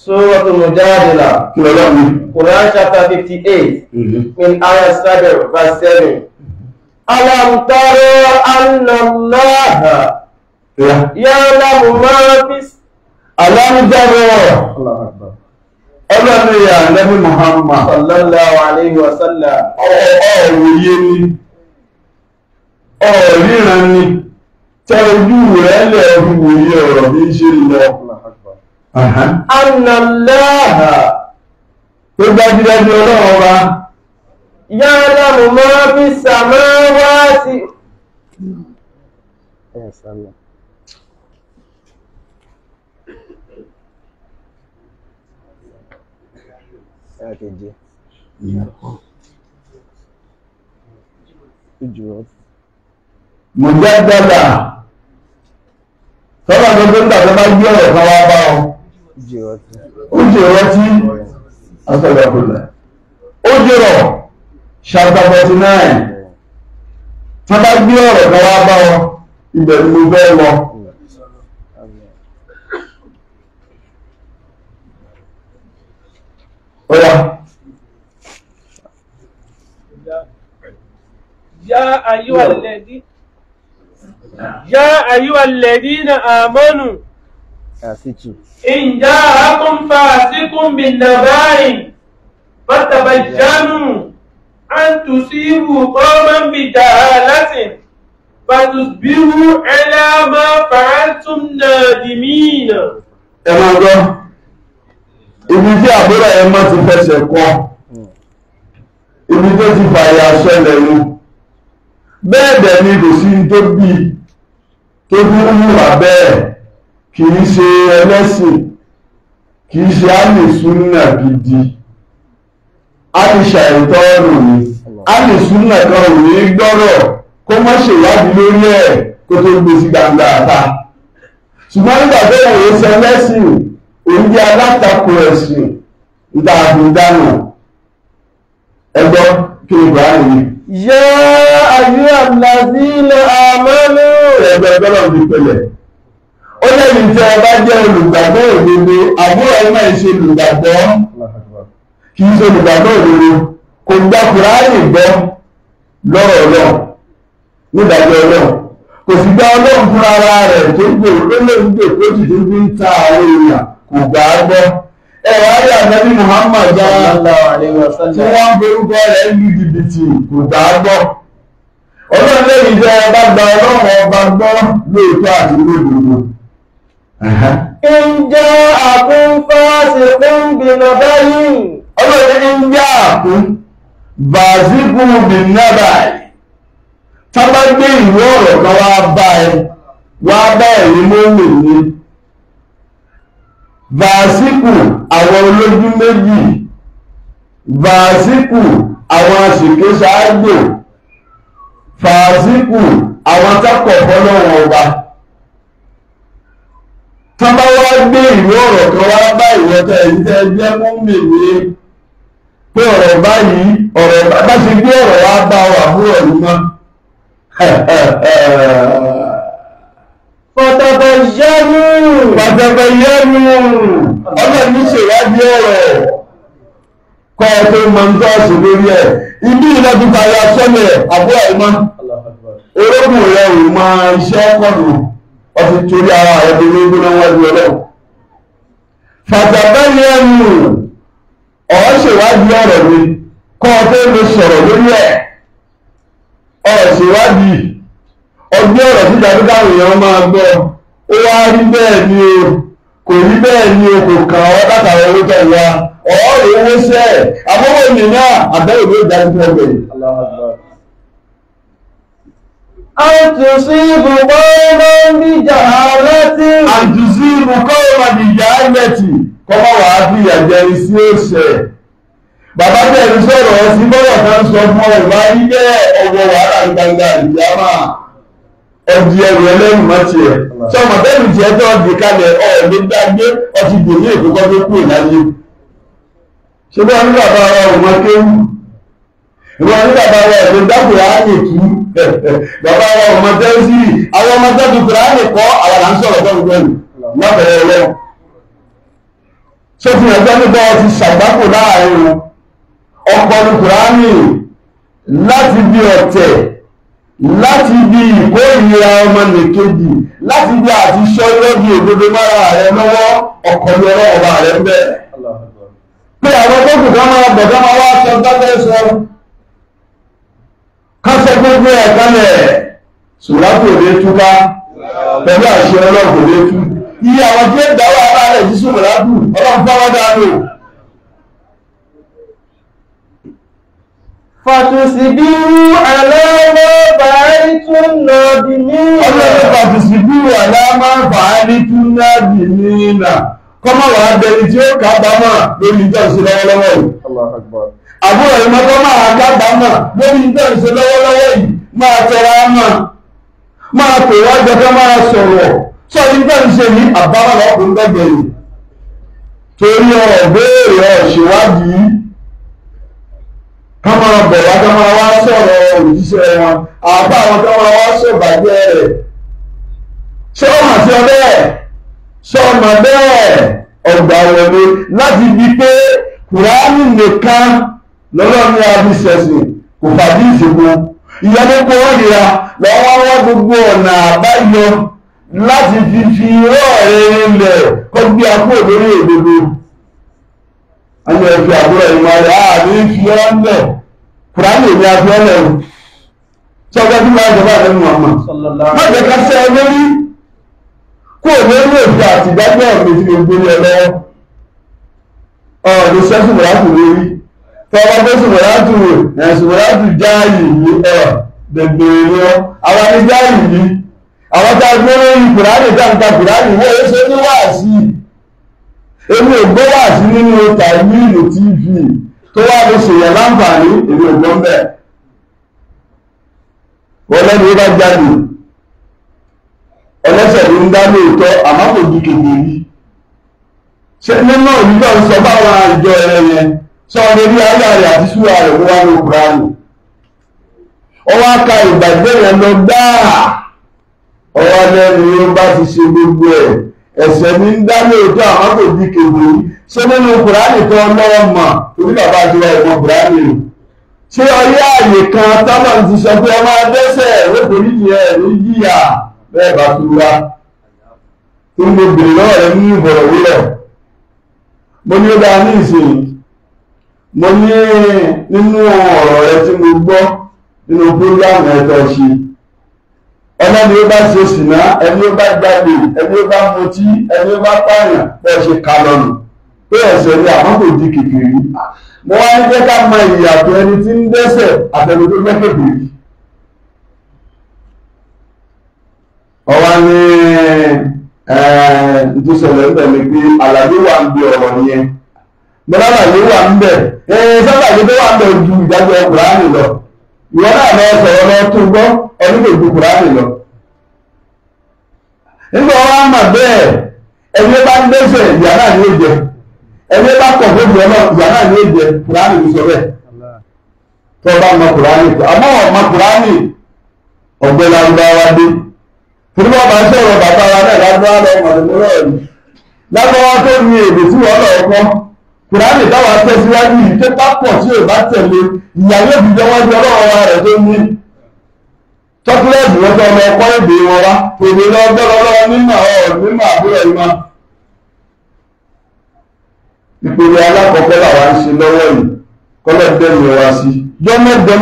Suratul Mujadila. Kìlọ̀lọ́ mi. Quran chapter fifty eight. Min mm-hmm. ayah seven verse seven. Alam tara anna Allaha. Ya'lamu ma fi. Alam tara. Ọlọ́run ìyá Nabi Muhammad. Sallallahu alayhi wa sallam. Ọ̀rọ̀ òye ni. Ọ̀rọ̀ ríran ni tẹ ojú rẹ̀ lẹ̀ fi wòye ọ̀rọ̀ bí ṣe lọ. Annàláhà tó dájúdájú ọlọ́run ọba. Yára mo máa fi sàmá wá sí. ti mọ̀jẹ́gbẹ́gbà tọ́lá tó tó ń tàbí bá gbé ọ̀rọ̀ kan wá bá ọ ó jẹ́ ọ̀rọ̀ tí asọ́gbà kò lẹ̀ ó jẹ́rọ̀ chapter forty nine tó bá gbé ọ̀rọ̀ kan wá bá ọ ibẹ̀ ni mo fẹ́ lọ. Oya. Ya ayé wà lẹ́dí. يا أيها الذين آمنوا إن جاءكم فاسق بالنبأ فتبينوا أن تصيبوا قوما بجهالة فتصبحوا على ما فعلتم نادمين. ẹ máa gbọ́ ibi tí àbúrò ẹ má ti fẹsẹ̀ kọ́ ibi tó ti fàyà ṣẹlẹ̀ nu bẹ́ẹ̀ dẹ̀ ni kò sí tó bíi tó fi ń hùwà bẹ́ẹ̀ kì í ṣe ẹlẹ́sìn kì í ṣe alìsúnà gidi alìṣà ìtọ́rùn ni alìsúnà kan ò ní gbọ́rọ̀ kó má ṣèwádìí lórí ẹ̀ kó tó gbé sí gbangba àta ṣùgbọ́n nígbà tó yẹ kó ṣe ẹlẹ́sìn òun jẹ́ alátakò ẹ̀sìn ìdààbò ìdáná ẹgbọ́n kí ni buhari yìí yá ayé àlàzí ilẹ̀ àmọ́nú. ẹgbẹ́ tọ́lọ̀ ti pẹlẹ̀ ó lẹ́yìn tí ọba jẹ́ olùgbàgbọ́ òdodo àbúrò ẹ̀ máa ṣe olùgbàgbọ́ kì í ṣe olùgbàgbọ́ òdodo kò gba kùránì gbọ́ lọ́rọ̀ ọlọ́run nígbàgbọ́ ọlọ́run kò sì gba ọlọ́run fúnra rẹ̀ tó gbòó lólóńgbò tó ti dé ń ta àwọn èèyàn kò gbà á gbọ́. ẹ̀wárí àtẹ́bí Muhammad já tí wọ́n ń berúkọ rẹ̀ ní jìbìtì kò dágbọ́ ọlọ́run lè jẹ́ ọba gba ọlọ́run ọba gbọ́ lóòótọ́ àti lóòótọ́ báyìí ọlọ́run àkún bìnà báyìí tábà gbé ìwé ọ̀rọ̀ kan wá bá ẹ wá bá ẹ̀rí mọ́wé vaasiku àwọn olójú méjì vaasiku àwọn àsìké ṣáájò vaasiku àwọn takọ̀ fọlọ́wọ́n ọba tọ́ba wá gbé ìwé ọ̀rọ̀ kan wá bá ìwọ ẹ̀yìn tẹ ẹgbẹ́ mú mèmí pé ọ̀rọ̀ báyìí ọ̀rọ̀ bá ṣe gbé ọ̀rọ̀ wá bá wà fún ọ̀rùn mọ́. [laughs] fọ̀tàbẹ̀yẹ́mù fọ̀tàbẹ̀yẹ́mù ọlọ́ni ṣèwádìí ọ̀rọ̀ kọ́ ẹ pé mọ̀ ń tọ́sí lórí ẹ̀ ibi ìlọ́dúnta ya sọ́lẹ̀ àbúrò ẹ̀mọ́ orógùn rẹ̀ ò mọ iṣẹ́ kọ̀nù ọtí torí ara rẹ̀ tó ní gbóná wájú ọlọ́run fọ̀tàbẹ̀yẹ́mù ọ̀ ṣèwádìí ọ̀rọ̀ mi kọ́ ọ pé mo sọ̀rọ̀ lórí ẹ̀ ọ̀ ṣèwádìí ọgbẹ́ ọ̀rọ̀ síta tó káwọn èèyàn máa gbọ́ ó wá rí bẹ́ẹ̀ ni o kò rí bẹ́ẹ̀ ni o kò kàn ọ́ látàrí owó tó wá ọ̀ọ́rọ̀ owó sẹ́ ẹ̀ àbọ̀wọ̀ ènìyàn náà ló ọgbẹ̀ yìí. àtúnṣe wàá fi ìyàjẹ́ sí òṣè bàbá tẹ̀lé sọ̀rọ̀ kan sọ fún ẹ̀dì ẹ̀rù ẹlẹ́rù má tiẹ̀ sọmọ bẹ́ẹ̀ni tiẹ̀ tó ọ̀dì kalẹ̀ ọ̀ọ́dẹ gbàgbé ọtí dèmí ìkókọ́ tó kú ìláyé ṣé bá ní bàbá wa ò kéwù ìwọ ní bàbá wa ò [laughs] bàbá àwọn ọmọ àwọn là ń nígbà láàrin wọn ní láti bí láti bí ìkórìíra ọmọnìkejì láti bí àti ṣọ́lọ́bì òdodo mára rẹ lọ́wọ́ ọkọ̀ ni ọlọ́ọ̀bà rẹ ń bẹ̀. pé àwọn gbogbo kan máa bọ̀dọ́ máa wá sọ dákẹ́ sọ kásẹ̀ gbogbo ẹ̀ kálẹ̀ sùlápò lè túká pẹ̀lú àṣẹ ọlọ́ọ̀bù lè tú. iye àwọn tí ó dá wàhálà rẹ̀ sí sùmùlápù ọlọ́ọ̀bù fáwọn dáa lò. fàtòsíbírú àlámọ́ bàárí tún nà bí ní ìlà. ọlọ́run fàtòsíbírú àlámọ́ bàárí tún nà bí ní ìlà. kọ́mọ̀ wàá bẹni tí ó kábàámọ̀ lórí ìjọsìn lọ́wọ́lọ́wọ́ yìí. àbúrò ìmọ̀ tó máa kábàámọ̀ lórí ìjọsìn lọ́wọ́lọ́wọ́ yìí máa tẹ̀ra mọ́ máa pè wá jọjọ́ máa sọ̀rọ̀ sọ nígbà ń ní àbáwọ̀ ọkùnrin gbẹ̀gbẹ̀ torí ọ̀rọ̀ béèrè ọ̀ṣèwádìí ká máa bọ̀ wá ká máa wá sọ̀rọ̀ òjíṣẹ́ wọn àbá àwọn ká máa wá sọ̀bàjẹ́ rẹ̀ ṣé ó hàn sí ọ bẹ́ẹ̀ ṣé ọmọ bẹ́ẹ̀ ọgbà wọlé láti di pé kùránì nìkan lọ́lọ́ni abisẹ̀sìn kò fàdí ìṣègùn ìyẹnì kò rìra lọ́wọ́ wọ́n gbogbo ọ̀nà àbáyọ láti fi fi rọ́ọ̀rẹ́ rinlẹ̀ kó gbé akó lórí òdodo àwọn ẹ̀fẹ̀ àbúrò ìmọ̀ rẹ̀ ààrẹ ah, fi ọ́ ń bẹ̀ kùránì èmi àfi ọ́ lẹ̀ o tí ọjọ́ bí wọ́n jọba rẹ̀ mú ọmọ má jẹ́ ká sẹ́ ẹ lórí kó o lè ní òfin àti ìdájọ́ ọ̀gbìn tí mo gbé ní ẹ lọ́wọ́ ọ̀ọ́dún sẹ́sùn mọ̀láàtù lórí tọ́wọ́ tó sùn mọ̀láàtù ẹ̀sùn mọ̀láàtù jáàyè yìí ẹ̀ dẹ̀gbẹ̀rẹ̀ ni ọ́ àwọn ní jáàyè yìí àwọn tá a gbé lórí kùránì dáńtà kùránì èmi ò gbọ́ wà sí nínú tàìmíìlì tv tó wá lè ṣèyàn láǹfààní èmi ò gbọ́ ń bẹ̀. wọlé ni ó bá jáde ẹlẹ́sẹ̀ ló ń dá lóòótọ́ àmọ́ kò di kékeré ṣé nínú òyìnbó ń sọ báwọn àjọ ẹ̀rẹ́ yẹn sọ ọdẹ bí aláàrẹ àti ṣúra rẹ̀ wọ́n wá ní obrani ọwọ́ aka ìgbàgbé rẹ̀ lọ dáa ọwọ́ alẹ́ ni ó bá ti ṣe gbogbo ẹ̀ ẹ̀ṣẹ̀ ní ń dá lóòótọ́ àwọn kò di kèwé ṣé nínú kùránì kan lọ́wọ́ mọ̀ torí bàbá àti ìwà ẹ̀mọ kùránì rẹ̀ ṣé ọyẹ àyè kan táwọn ti sọ pé ẹ máa dẹ́ṣẹ̀ lókòrí yẹn ní yíyà bẹ́ẹ̀ bá fi wá tó ń lo bèrè lọ́wọ́ rẹ ní ìbọ̀rọ̀ wúlọ̀ mo ní ó dáa ní ìsìn mo ní nínú ọ̀rọ̀ rẹ tí mo gbọ́ nínú púrógámù ẹ̀tọ́ ṣe ẹlẹ́ni ó bá ṣe sìnà ẹni ó bá jáde ẹni ó bá mutí ẹni ó bá pààyàn bẹ́ẹ̀ ṣe ka lọ́nà pé ẹ̀ṣẹ̀ ni àwọn kò di kékeré mo wá ní jẹ́ ká mọ ìyàtọ̀ ẹni tí ń dẹ́ṣẹ̀ àtẹnu tó mẹ́kèké ọwá ní ìtúsẹ̀lẹ̀ ń tẹ̀lé pé àlàyé wà ń bẹ ọ̀rọ̀ nìyẹn mo lálàyé wà ń bẹ ẹ̀ sábàyé tó wà ń bẹ ju ìdájọ́ ọkùnrin lọ ìwọ náà lọ sọ̀rọ̀ lọ tó gbọ́ ẹni lè gbogbo láti lọ. nígbà wọn á mà bẹ́ẹ̀ ẹni bá ń dẹ́sẹ̀ ìyá náà ní èjẹ ẹni bá kọ̀ fún ìyá náà ìyá náà ní èjẹ kùránì ló sọ bẹ́ẹ̀ tó bá mọ kùránì tó àmọ́ ọmọ kùránì ọ̀gbẹ́ lárúbáwá dé torí wọn bá sọ̀rọ̀ bàbá wa náà lárúbáwá lọ́wọ́ mọ̀lẹ́mọ́rọ̀ tó ní èdè tí wọ́n lọ́ọ́ kọ́ kùránì táwọn tẹ̀síwájú yìí tó pápọ̀ tí ò bá tẹ̀lé fi jọ wájú ọlọ́run wa rẹ̀ tó ní chocolate wọn tó ọmọ ẹ̀kọ́ èdè wọn wá lọ gbọ́dọ̀ lọ́wọ́ nínú àwọn onímọ̀ àbúrò yìí ìpele alákọ̀ọ́kọ́ làwọn ń ṣe lọ́wọ́ yìí sí jọ máa àwọn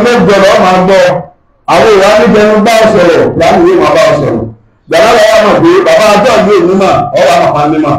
ìwà bá ọ ìwé máa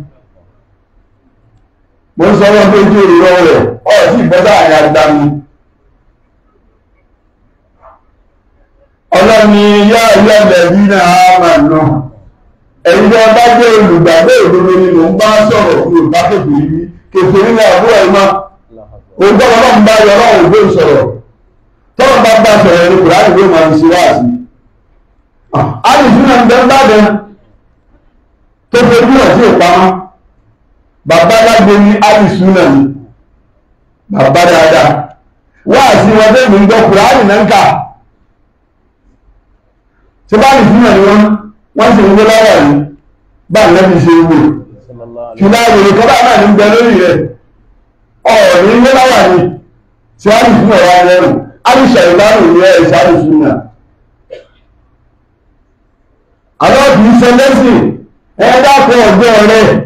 mo ń sọ wọn pé kí èrò rẹ ọ sì bọ́ sáàrin àgbà mi. ọlọ́ni yá ìyá bẹ̀bí náà á máa nà ẹ̀yin tí wọ́n bá jẹ́ olùgbàgbé òdodo ni mò ń bá sọ̀rọ̀ ní òbá kékeré yìí kékeré ní àbúrò ẹ̀ mọ́ òun tọ́wọ́ náà ń bá yọ náà òun gbé sọ̀rọ̀ tọ́wọ́ bá bá sọ̀rọ̀ ní kùrá ìwé máa ń ṣe wáàsí. àdìsí náà ń bẹ́ ń bá bẹ́ẹ̀ tó fojú náà ìpamọ́. bàbá lágbo ní ni bàbá dáadáa wáàsí tí bá àdìsú náà ni wọ́n sì ń gbé lọ́wọ́ bá nẹ́bí ṣe wò náà ní lórí rẹ̀ gbé lọ́wọ́ tí àdìsú náà wà lẹ́rù ṣe àdìsú náà àwọn kì í ṣe lẹ́sìn ẹ̀ dákọ̀ ọ̀gbẹ́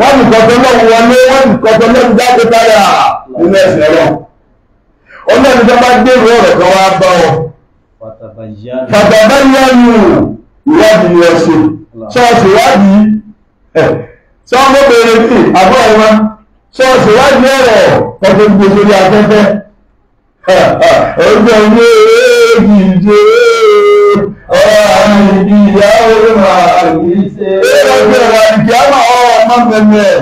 wọ́n ní kọ́tọ́ lọ́wọ́ wọlé wọ́n ní kọ́tọ́ lọ́wọ́ jáde táyà nínú ẹ̀sìn ẹ̀rọ ọlọ́run tó bá gbé ìwé ọ̀rọ̀ kan wá bá ọ. fàtàbáyá nù ìwádìí ni ẹ ṣe ṣọ́ọ̀ṣì ìwádìí ẹ̀ sọ́ọ́mọ́ bèrè sí àbọ̀ ẹ̀rọ ṣọ́ọ̀ṣì ìwádìí ọ̀rọ̀ kọ́tọ́ gbé sórí afẹ́fẹ́ ọjọ́ ilé ìdíje ọ̀rọ̀ àmì ìyá ọ̀rọ̀ àmì ìṣe ọjọ́ ìwádìí má mẹ́mẹ́ ẹ̀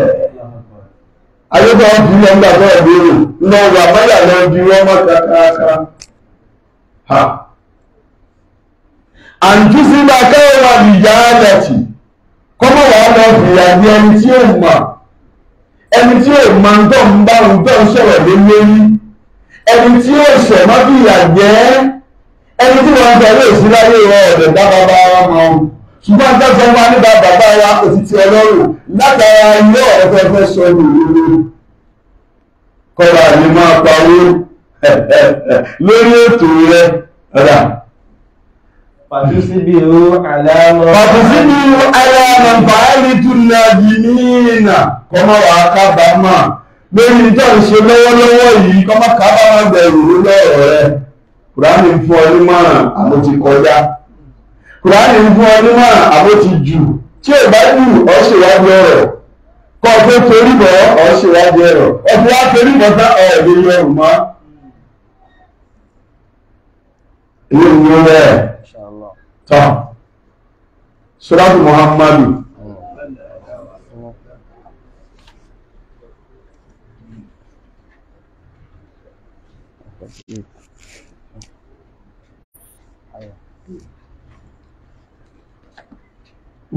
ayébá ń fi lọ gbà náà lérò lọ wà mọ́là lọ di wọ́n mọ́ kàkàkà ha àǹtúsí bá káwọn wà nìyá àdàtì kọ́mọ̀ wà lọ fìyà ní ẹni tí ó mà ẹni tí ó mà ń tọ́ ń bá ń tọ́ ń sọ̀rọ̀ lé lórí ẹni tí ó sẹ̀ má fìyà jẹ́ ẹni tí wọ́n ń tẹ̀lé òsínláyé ọ̀dẹ̀ bá bá bá wọn mọ́ ọ́n ṣùgbọ́n tẹ́sán máa nígbà bàbá wa òtítì ọlọ́run látara ilé ọ̀rọ̀ fẹ́ fẹ́ sọ ní ìlú kọ́ra ní máa pawó [laughs] lórí ètò rẹ̀ rà. Fàtúsíbìrú aláàmọ̀. Fàtúsíbìrú aláàmọ̀ báyìí tún náà yìí ní ìnà kọ́mọ wà kábàámà lórí ìjọ ìṣe lọ́wọ́lọ́wọ́ yìí kọ́mọ kábàámà bẹ̀rù lọ́rọ̀ rẹ̀. Kùránì fún ọ ní márùn-ún àmọ́ ti kọjá kùránì ń fún ọ nímọ̀ àbó ti jù tí ò bá jù ọ ṣèwádìí ọ̀rọ̀ kọ́ ọ pé torí bọ̀ ọ ṣèwádìí ọ̀rọ̀ ọ fi wá torí bọ̀ tá ọ ẹ̀dẹ̀ yọrù mọ́. ilé ìwé rẹ̀ tán sọ́dọ̀ Muhammadu.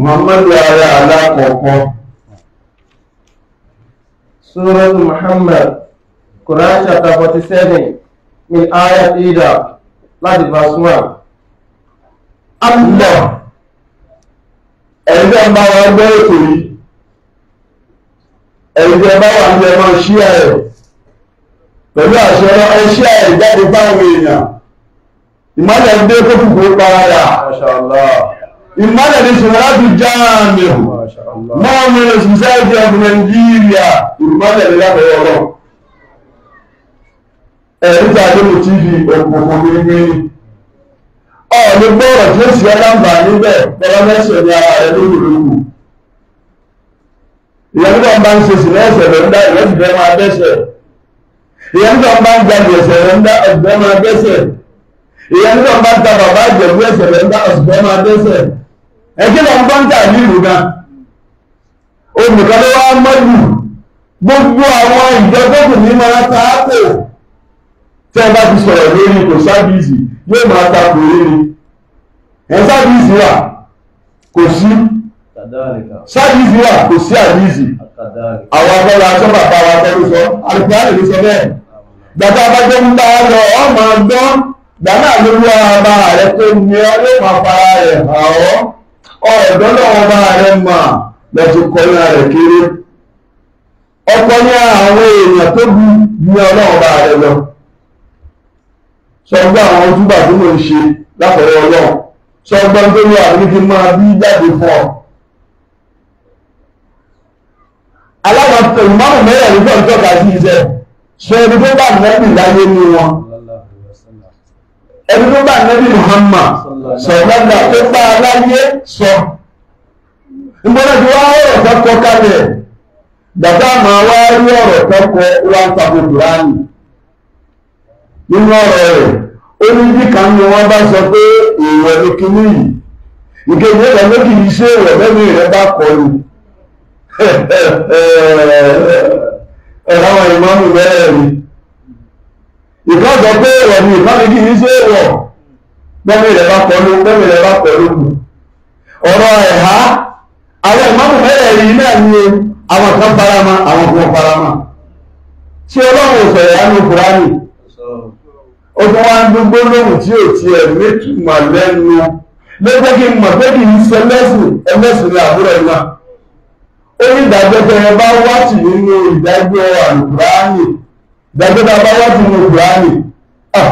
muhammadu a alákọ̀ọ́kọ́ suratu muhammad quran chapter forty 47, min ayat ida láti verse one. allah ẹ̀yin tẹ́ ń bá wa gbé ètò pẹ̀lú àṣẹ ẹ ṣí ẹ̀ báwọn èèyàn ìmọ̀lẹ̀ ìmọ́lẹ̀ ní ṣọ̀rọ̀láti jáàmìrù mọ́ọ̀mí society of Nigeria ìmọ́lẹ̀ ní lábẹ̀wọ̀ lọ ẹ̀ríta àdébò tv òkùnkùn ní gbé ọ̀ọ̀lú gbọ́ọ̀rọ̀ tí ó sì ọ́ lámbà níbẹ̀ pẹ̀lọ́mẹ́sẹ̀ ní ara rẹ̀ lórí olóko ìyẹn tó ń bá ń ṣe sí lẹ́sẹ̀ rẹ̀ ń dá ìrẹsì fẹ́ máa bẹ́sẹ̀ ìyẹn tó bá ń ta bàbá ìjẹ̀bú ẹsẹ̀ rẹ̀ ń dá ọ̀sùn fẹ́ máa bẹ́sẹ̀ ẹjẹ́ lọ ń bá ń tà ní ìlú gan olùkọ́ ló wá mọ́lù gbogbo àwọn ìjọgbọ́gbù ní máa tààkò tẹ́ bá ti sọ̀rọ̀ lórí kò sábìsì yóò máa ta kò rí ni ẹ̀ sábìsì wà kò sí sábìsì wà kò sí àbìsì àwọn akọ́lá aṣọ bàbá wa tẹ́lú sọ àlùkò àlè ló sọ bẹ́ẹ̀ gbàtà abájọ́ ń bá lọ ọ́ máa gbọ́ gbàmà lórí ọba rẹ tó ní ọ yóò máa fara rẹ̀ hàn ọ́ ọ̀dọ́ lọ́wọ́ bá rẹ̀ mà lọ́tún kọ́lá rẹ̀ kéré ọkọ ní àwọn èèyàn tó bí ní ọlọ́wọ́ bá rẹ̀ lọ sọgbọ́n àwọn ojúbà tí mò ń ṣe lápẹ̀rẹ̀ ọlọ́run sọgbọ́n tó ní àwọn ibi máa bí jáde fún ọ aláwọn ìmáàmù mẹ́rẹ̀ nígbà tó ga sí iṣẹ́ sọ ẹni tó bá nẹ́bì láyé ní wọn ẹni tó bá nẹ́bì Muhammad sọ̀rọ̀ tó bá sọ ìgbọ́nà ọ̀rọ̀ tó kalẹ̀ bàbá àmà wá rí ọ̀rọ̀ tó tako nínú ọ̀rọ̀ rẹ̀ ó ní bí kan bá bẹ́ẹ̀ni rẹ̀ bá pọ̀lú bẹ́ẹ̀ni rẹ̀ bá pọ̀lú kù ọ̀rọ̀ ẹ̀há àwọn ìmáàmù mẹ́rẹ̀ẹ̀rin yìí náà ní àwọn kan farama àwọn kan farama tí ọlọ́run ò sọ̀rọ̀ yá ní Kùránì ó tún wá ń dúgbó lóhùn tí ò tiẹ̀ méjìmọ̀ lẹ́nu lọ́jọ́ kí n mọ̀ pé kì í ṣe ẹlẹ́sìn ẹlẹ́sìn ní àbúrò ìwà ó ní ìdájọ́ tẹ ẹ bá wá nínú ìdájọ́ àlùkùránì ìdájọ́ bá wá tì nínú Kùránì ah!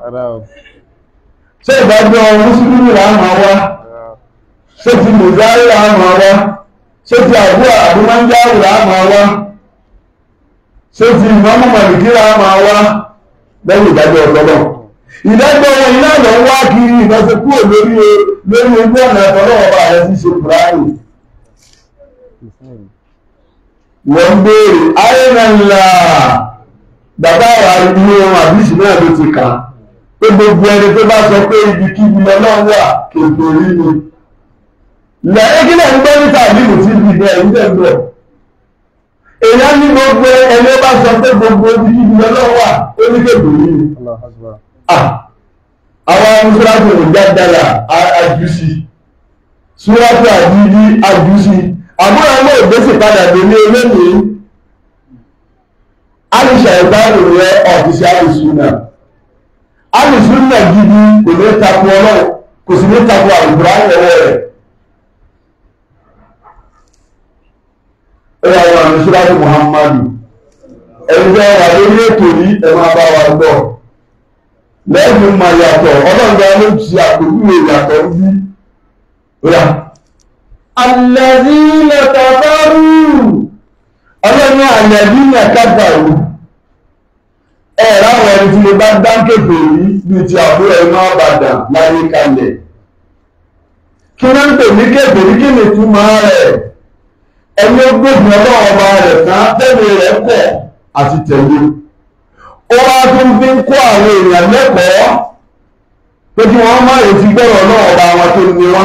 ṣé ìdájọ́ mùsùlùmí là ń máa wá ṣé ti mùsùlùmí là ń máa wá ṣé ti àbúrò àbúmọ́njáwò là ń máa wá ṣé ti ìmọ̀mọ́ màlìkí là ń máa wá lẹ́yìn ìdájọ́ ọlọ́lọ́ ìdájọ́ ohun iná lọ wá kiri ìfẹsẹ̀ kúrò lórí lórí ojú ọ̀nà ẹ̀fọ́lọ́ ọba rẹ̀ ti ṣe kùráyì wọ́n béèrè ayé náà ńlá bàbá àwọn àdúgbò àbíṣì náà ló ti kà á pé gbogbo ẹni tó bá sọ pé ibikíbi lọ́lọ́run wà kètò rí ni lẹ́yìn kí lẹ́yìn gbọ́ níta ìlú tí ibi ìdẹ ẹ̀yìn dẹ̀ bọ̀ èyí á ní gbogbo ẹni tó bá sọ pé gbogbo ibikíbi lọ́lọ́run wà ó ní kètò rí ni àwọn amúsùlámù ò dáadáa àjùsí súwájú àjíjí àjùsí àbúrò ọmọ ìgbésẹ̀ padà délé olóyìn àìsàn ìbáwò rẹ ọ̀fíìsì àìsùn náà alùsùn náà gidi kò ní takò ọlọ́run kò sì ní takò àlùkùrá ìrẹ̀wẹ̀ rẹ̀. ẹ yà wà ní sùláṣí muhammadu ẹni jẹ́ wà lórí ètò yìí ẹ máa bá wa gbọ́. lẹ́yìn mà yàtọ̀ ọlọ́run gba ló ti àpèjúwe yàtọ̀ bí. Àlẹ́bí lẹ̀ kàbárù. Ọlọ́run àlẹ́bí lẹ̀ kàbárù ẹ̀rọ àwọn ẹni tí mo bá dá kékeré ní ti àbúrò ẹ̀ máa bàdàn láyé kalẹ̀ kí wọ́n ń pè kí ni rẹ̀ ẹni ó ọlọ́run ọba rẹ̀ tán tẹ́lẹ̀ rẹ̀ pọ̀ àti tẹ̀lé ó wá tún fi ń kó àwọn èèyàn lẹ́kọ̀ọ́ pé kí wọ́n má retí náà ọba wọn tó ní wá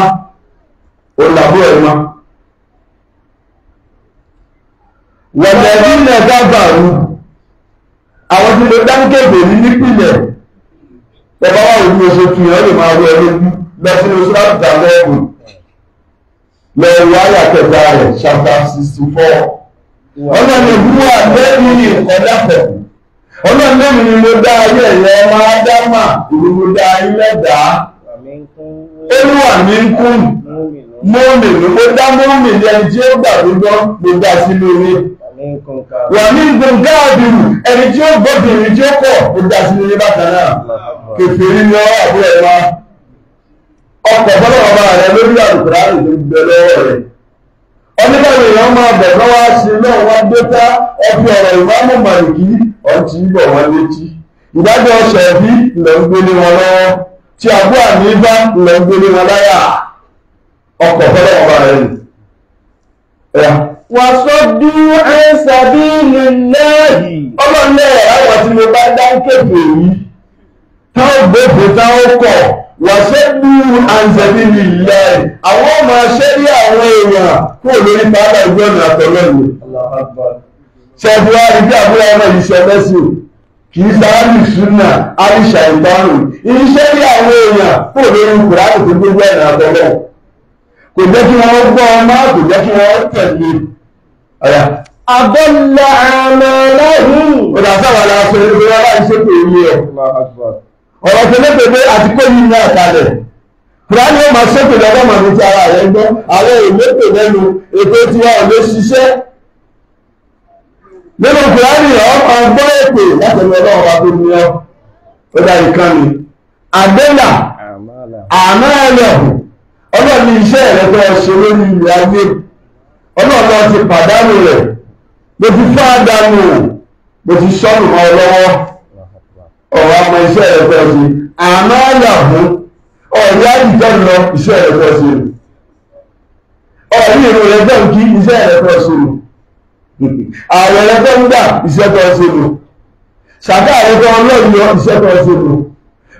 ilẹ̀ ẹ bá wà lórí oṣù tí yẹn lè máa wọ ẹ lójú lọ sí oṣù láti dà lẹ́ẹ̀kùn lọ wọ àyà kẹta rẹ̀ chapter sixty four ọlọ́ni ìbúwà lẹ́nu ní ọ̀dà pẹ̀ ọlọ́ni lẹ́nu ni mo dá ayé ẹ̀yẹ máa dá mà ìlú mo dá ayé lẹ́dàá olúwa mi ń kún mọ́mì ni mo dá mọ́mì ni ẹni tí ó gbà gbogbo mo dá sí lórí wà ní gbọ̀ngàn ẹni tí ó gbọ́dọ̀ ẹni tí ó kọ̀ ó dá sí ilé bákan náà kèfèrí ni ọwọ́ àbúrò ẹ̀ máa ọkọ̀ fọlọ́wọ́ bá rẹ lórí àlùkùrá rẹ ló ń bẹ lọ́wọ́ rẹ ọdún èèyàn máa bẹ̀ lọ́wọ́ ṣe náà wọ́n gbé ká ọbẹ̀ ọ̀rọ̀ ìmáàmù màlìkí ọtí bọ̀ wọ́n létí ìdájọ́ ṣẹ̀bí lọ ń gbélé wọn lọ́wọ́ tí àbúrò àníbá lọ ń gbélé wọn láyà ọkọ̀ fọlọ́wọ́ bá rẹ nì wàsọ́dú ẹ́sàbí lèlẹ́hì ọlọ́lẹ̀ àwọn tí mo bá dáńkèfè yìí táwọn gbogbo táwọn kọ̀ wàsọ́dú ẹ́sàbí lèlẹ́hì àwọn ọmọ ṣẹ́rí àwọn èèyàn kúrò lórí pàápàá ìgbé ọ̀nà àtọ̀lẹ́nu ṣẹ́bí wá rí bí àbúrò ọmọ yìí mẹ́sìn kì í sáárì súnà àríṣà ìbárùn iṣẹ́ rí àwọn èèyàn kúrò lórí kùránì tó gbogbo ẹ̀nà kò jẹ́ kí wọ́n gbọ́ ọmọ kò jẹ́ kí wọ́n tẹ̀lé ọ̀yà. abọ́lá àmàlẹ́hùn. ọ̀dà sáwà la sọ èdè bóyá láì ṣe pé èmi ẹ̀. ọ̀rọ̀ tó lé pépé àti pé yìí ní àkàlẹ̀. kùránì ó máa ṣépè lọ́dọ̀ màmí ti ara rẹ̀ gbọ́ àwọn èlépè lẹ́nu ètò tí wọn ò lè ṣiṣẹ́. nínú kùránì ọmọ gbọ́ èpè látẹnu ọlọ́run wa tó ní ọ ó dá nìkan ni. àdéhà àmàlẹ̀ ọlọ́run ọlọ́ọ̀lọ́ ti pàdánù rẹ̀ mo ti fá dànù mo ti sọ́nù mọ́ lọ́wọ́ ọ̀rọ̀ àmọ́ iṣẹ́ rẹ̀ fẹ́ sí àmọ́ àyàwó ọ̀rẹ́ àyíjọ́ lọ iṣẹ́ rẹ̀ fẹ́ sí ọ̀rí ìrò rẹ̀ fẹ́ kí iṣẹ́ rẹ̀ fẹ́ sí ààrẹ rẹ̀ fẹ́ ń gbà iṣẹ́ fẹ́ sí ṣàkà rẹ̀ fẹ́ ọlọ́ọ̀yọ́ iṣẹ́ fẹ́ sí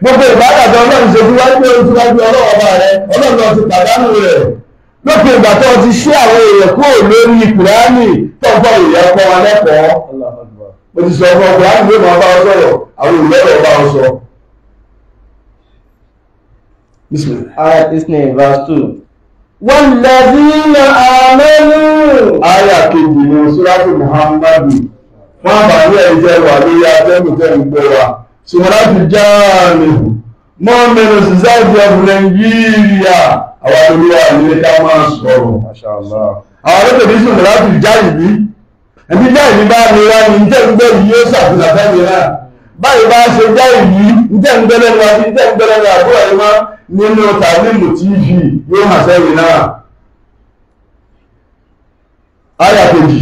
gbogbo ìbádàtọ̀ ọlọ́run ṣe fún wáyé pé oṣù wáyé ọlọ́ọ̀ọ́ba rẹ̀ ọlọ́run lọ ti pàdánù rẹ̀ lópin ìgbà tó ti ṣe àwọn èèyàn kúrò lórí kùránì tọ́gbọ́n èèyàn kọ́ wa lẹ́kọ̀ọ́ mo ti sọ fún ọkùnrin àti ìwé bá ọ sọ̀rọ̀ àwọn olùgbẹ́rẹ̀ bá ọ sọ. ayat isnin verse two. wallazina amanu. ayat kejì ní suratu muhammadu wọn bá ní ẹ̀jẹ̀ wà lórí atẹ́gùn tẹ̀ wa suratu jáàmì mọ́mẹ́rin ṣiṣẹ́ ìjọba nàìjíríà àwọn olúwa ilé ká máa sọ̀rọ̀ àwọn olóògbé ní sùn láti já ìbí ẹbí já ìbí bá mi rá ní njẹ́ ńgbẹ́ yìí yóò ṣàfihàn fẹ́mi náà báyìí bá ṣe já ìbí njẹ́ ńgbẹ́ lẹ́nu àti njẹ́ ńgbẹ́ lẹ́nu àbúrò ẹ̀ mọ́ nínú tàbí mò tí yìí yóò hàn sẹ́yìn náà. Aya kejì.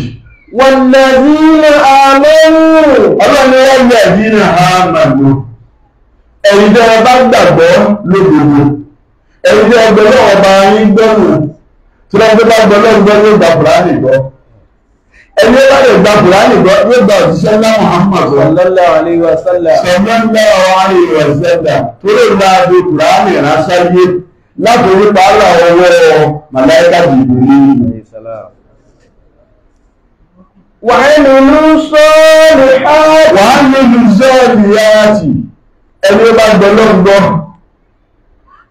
Wàlẹ́dínà àmọ́rù. Ọlọ́run ẹ̀yẹ̀ dínà àmàlù. Ẹ̀yin tẹ́ ẹ bá gbàgbọ́ lódodo ẹni tí ẹgbẹ́ náà ọba yín gbẹ́rù tí wọ́n gbé bá gbọ́ náà gbọ́ yóò gba Kùránì gbọ́ ẹni bá lè gba Kùránì gbọ́ yóò gba òṣìṣẹ́ náà Muhammad sallallahu alaihi wa sallam sallallahu alaihi wa sallam tó lè gba bí Kùránì ránṣáyé láti orí pàálà ọwọ́ màláìka dìbò ní wàhálùmú bá gbọ́ náà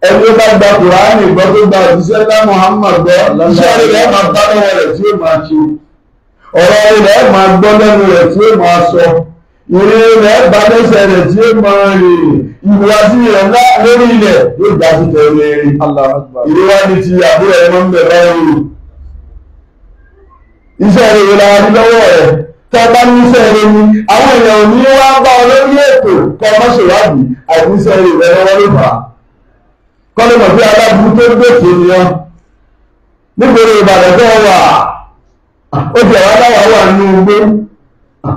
ẹni bá gba kùránì gbọ́ tó gba òjíṣẹ́ ńlá Muhammad gbọ́ iṣẹ́ rẹ̀ lẹ́ẹ̀ máa bá lọ́wọ́ rẹ̀ tí ó máa ṣe ọ̀rọ̀ rẹ̀ lẹ́ẹ̀ máa gbọ́ lẹ́nu rẹ̀ tí ó máa sọ ìrìn rẹ̀ bá lẹ́sẹ̀ rẹ̀ tí ó máa rìn ìhùwàsí rẹ̀ ńlá lórí ilẹ̀ yóò gbà sí tẹ̀lé e. rìn ìrìwá ni ti àbúrò ẹ̀ máa ń bẹ̀ báyìí iṣẹ́ rẹ̀ rẹ̀ la lọ́wọ́ rẹ̀ tọ́ba ní iṣẹ́ rẹ̀ ni àwọn èèyàn ò ní wá bá ọ lórí ètò kọ́ kọ́lọ́mọ̀ bí aláburú tó gbèsè ni ọ́ nígboro ìbàdàn tó wà ó fi àwọn aláwọ̀ wà nínú igbó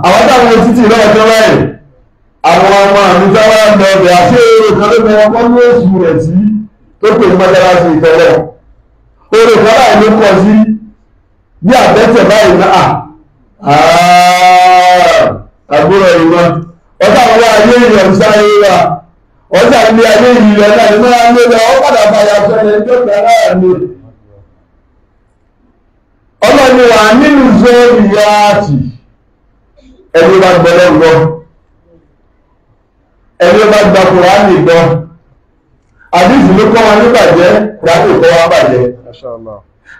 àwọn táwọn ohun títì náà tó láyè àwọn ọmọ àmì táwọn ń bẹ ọbẹ̀ àti èrò kan ló mẹ́wọ́n wọ́n ní èsù rẹ̀ sí tó pè ní mọ́tàlásì ìtọ́lẹ̀ èrò kan láì ló kọ sí bí àbẹ́tẹ̀ báyìí náà àgbúrò ìwọ̀n ọ̀tá àwọn ayé ìyọ̀nsá yìí wà ọjà ilé ayé ìrìnlẹ̀ náà ní máa ń lé lọ ọ́pàdà bàyà fẹ́lẹ̀ tó bẹ̀rẹ̀ àmì ọlọ́ni wà nínú zóòrì yáàtì ẹni bá gbọ́lọ́ gbọ́ ẹni bá gba kùránì gbọ́ àdìsí ló kọ́ wọn níbàjẹ́ kùránì kọ́ wọn bàjẹ́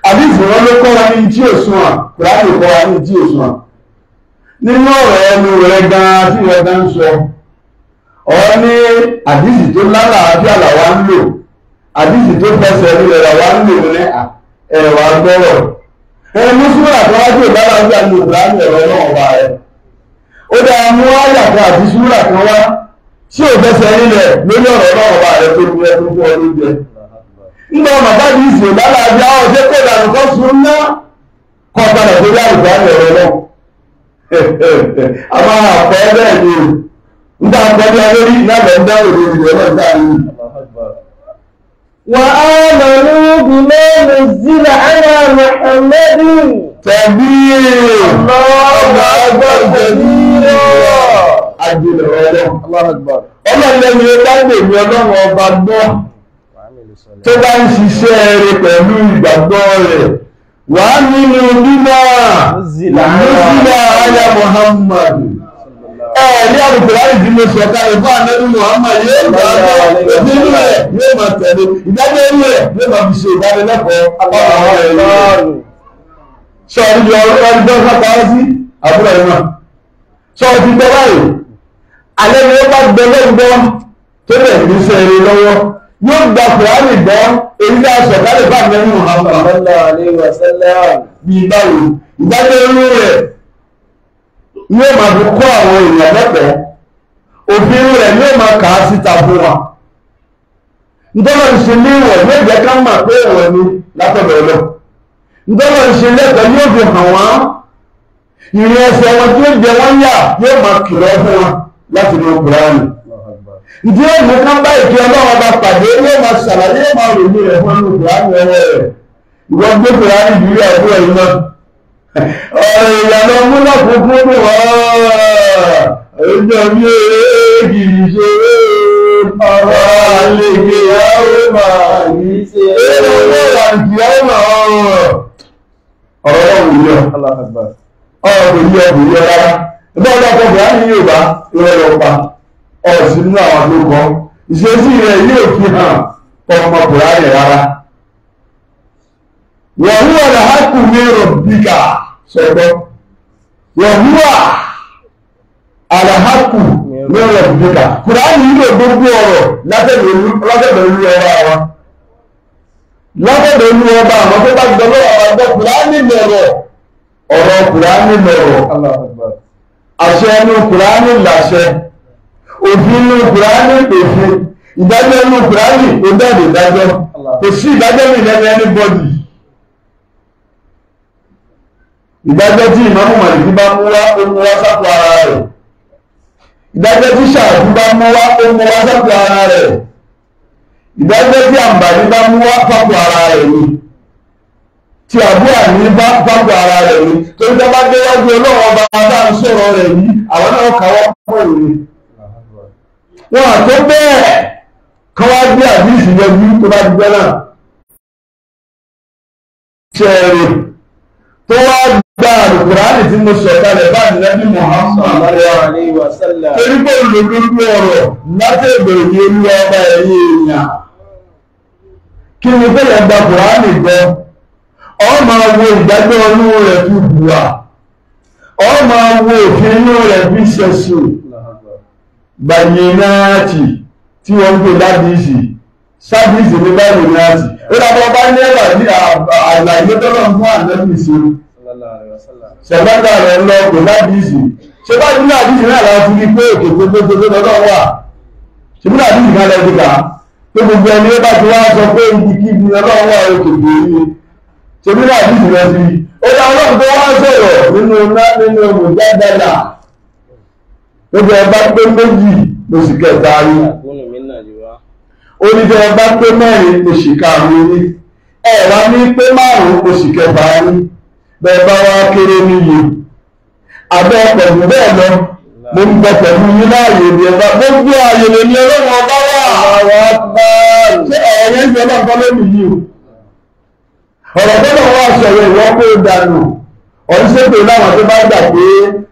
àdìsí wọn ló kọ́ wọn ní tí òsùn à kùránì kọ́ wọn ní tí òsùn à nínú ọ̀rọ̀ ẹnu rẹ̀ gan-an tí rẹ̀ gan-an sọ ọ̀rọ̀ ní àdìsí tó lálàáfíà làwa ń lò àdìsí tó fẹsẹ̀ rílẹ̀ làwa ń lò ní ẹ̀wà gbọ́rọ̀ ẹni mùsùlùmí àtọ́wájú ìlàlàáfíà ní ìbúráàmì ẹ̀rọ náà wà ẹ̀ ó dáa mú àyàtọ̀ àti súrà kan wá tí ò fẹsẹ̀ lórí ọ̀rọ̀ náà wà ẹ̀ tó fún ọdún jẹ nígbà ìsìn ọ̀jẹ́ kó ná [laughs] nígbà àgbàdì alórí ìnáàbẹ̀ ń dáwò ní ìdílé náà dáàrí. wà á mọ̀lú bímọ nùzílà ánà mọ̀hàmẹ́dù. tẹ̀bí ọ̀gá ọgbà tẹ̀bí àjùlọ̀ ọlọ́run. ọlọ́lẹ́ni ọlọ́gbẹ̀ mi ọlọ́run ọba gbọ́ tó bá ń ṣiṣẹ́ rẹ̀ pẹ̀lú ìgbàgbọ́ rẹ̀ wà á nínú bímọ nùzílà ánà mọ̀hàmẹ́dù ẹ̀ẹ́dí àlùkùránì tí mo sọ kalẹ̀ fún anẹ́bí Muhammad yóò gbà á lọ òbí inú rẹ̀ yóò máa tẹ̀lé ìdájọ́ inú rẹ̀ yóò máa fi ṣe ìdánilẹ́kọ̀ọ́ àwọn ẹ̀yọ́ sọ ọdún yọ ọdún tó sápá sí àbúrò ẹ̀ náà sọ ọdún tó báyìí alẹ́ ni ó bá gbẹ lọ́gbọ́ tó bẹ̀ ní sẹ́yìn lọ́wọ́ yóò gba kùránì gbọ́ èyí tá a sọ kalẹ̀ fún anẹ́bí Muhammad bí báyìí ìdájọ́ inú rẹ̀ ní ó máa fi kọ́ àwọn èèyàn lẹ́pẹ̀ẹ́ òfin rẹ̀ ní ó máa kà á síta fún wa ntọ́lọ́ ń ṣe léèwọ̀ yóò jẹ́ ká mà pé ẹ̀wọ̀ ni látọ̀dọ̀ lọ ntọ́lọ́ ń ṣe lẹ́tọ̀ọ́ yóò fi hàn wá ìrìn ẹsẹ̀ wọn tí ó jẹ wọ́n yà yóò máa kìlọ̀ fún wa láti ní Kùránì ìdí òmù kan bá ìkí ọlọ́wọ́ bá pàdé yóò máa ṣàlàyé yóò máa ròyìn rẹ̀ fún Kùránì ẹ̀rọ rẹ̀ ìwọ́n gbé Kùránì ìbílẹ̀ ẹ̀kú ẹ̀yìn náà ọ̀rọ̀ ìyàlọ múlá funfun ní wà ọjọ́ bí èéjì ìṣeré ọ̀rọ̀ àlejò àwọn máa ní ṣe ẹ̀rọ náà kì á mà ọ̀rọ̀ ọ̀rọ̀ òwúyọ ọ̀rọ̀ òwúyọ òwúyọ ẹgbẹ́ ọ̀dọ́ ọkọ̀ ní Yorùbá ìrọ̀ ọ̀pá ọ̀sìn nínú àwọn àdókọ́ ìṣesí rẹ̀ yóò fi hàn ọmọ Buhari rárá wọ̀húwọ̀ làhákùnmí rọ̀ bíkà sọ̀rọ̀ wọ̀húwà alahaku ní ọ̀rọ̀ ìdíkà kùránì nílò gbogbo ọ̀rọ̀ látẹ̀lẹ̀ olú ọba wa látẹ̀lẹ̀ olú ọba àwọn tó bá gbọ́dọ̀ ọ̀rọ̀ gbọ́ kùránì lọ̀rọ̀ ọ̀rọ̀ kùránì lọ̀rọ̀ àṣẹ inú kùránì làṣẹ òfin inú kùránì òfin ìdájọ́ inú kùránì ó dẹ̀ ìdájọ́ kò sí ìdájọ́ mi ẹni bọ́dì ìdájọ́ tí ìmáàmù màlìkí bá mú wá ó mú wá sápò ara rẹ̀ ìdájọ́ tí ṣáàbù bá mú wá ó mú wá sápò ara rẹ̀ ìdájọ́ tí àǹbàní bá mú wá sápò ara rẹ̀ ni tí àbú àní bá sápò ara rẹ̀ ni torí tá bá dé wájú ọlọ́run ọba bá ń sọ̀rọ̀ rẹ̀ yìí àwọn náà kàwọ́ pọ̀ ìwé wọn àtó bẹ́ẹ̀ káwá gbé àdíṣì yẹjú tó bá gbẹ́ náà tó wá gba àlùkùránì tí mo sọ̀kalẹ̀ báyìí lẹ́bí Muhammad torí pé olùdókòwò ọ̀rọ̀ láti ẹ̀bẹ̀ òní olúwa ọba ẹ̀yìn èèyàn kí ni bẹ́ẹ̀ gba kùránì gbọ́ ọ máa wo ìdájọ́ rẹ̀ fi bùwà ọ máa wo òfin rẹ̀ fi ṣẹ̀ṣù tí wọ́n ládìsì ní báyìí náàtì ó bá ní àlàyé fún àlẹ́bìsì ṣẹ̀mẹ́ta rẹ̀ lọ kò ládìsì ṣe bá ní ládìsì náà láti fi rí pé òkè gbogbogbò lọ́dọ̀ wà ṣe bí ládìsì náà lẹ́gbẹ̀ ká pé gbogbo ẹni bá ti wá sọ pé ibi kí ibi lọ́dọ̀ wà òkè gbèrè ṣe bí ládìsì náà ti ó dá ọlọ́run tó wá sọ̀rọ̀ nínú nínú mùjádàlà gbogbo ọba pé méjì lóṣù kẹta rí ó ní bí ọba pé mẹ́rin lóṣù karùn-ún rí ẹ̀rọ ní pé márùn-ún lóṣù kẹta rí bẹ́ẹ̀ bá wá kéré níye abẹ́ pẹ̀lú bẹ́ẹ̀ lọ mo ń bẹ pẹ̀lú yín láàyè ní ẹ̀bá gbogbo ààyè lè ní ọlọ́run ọba wà àwọn ọba ṣé ọ̀rọ̀ yẹn ń jọba nǹkan lónìí yìí o ọ̀rọ̀ tó náà wà sọ̀rọ̀ ìwọ pé ó dànù ọ̀rọ̀ ṣètò láwọn tó bá gbà pé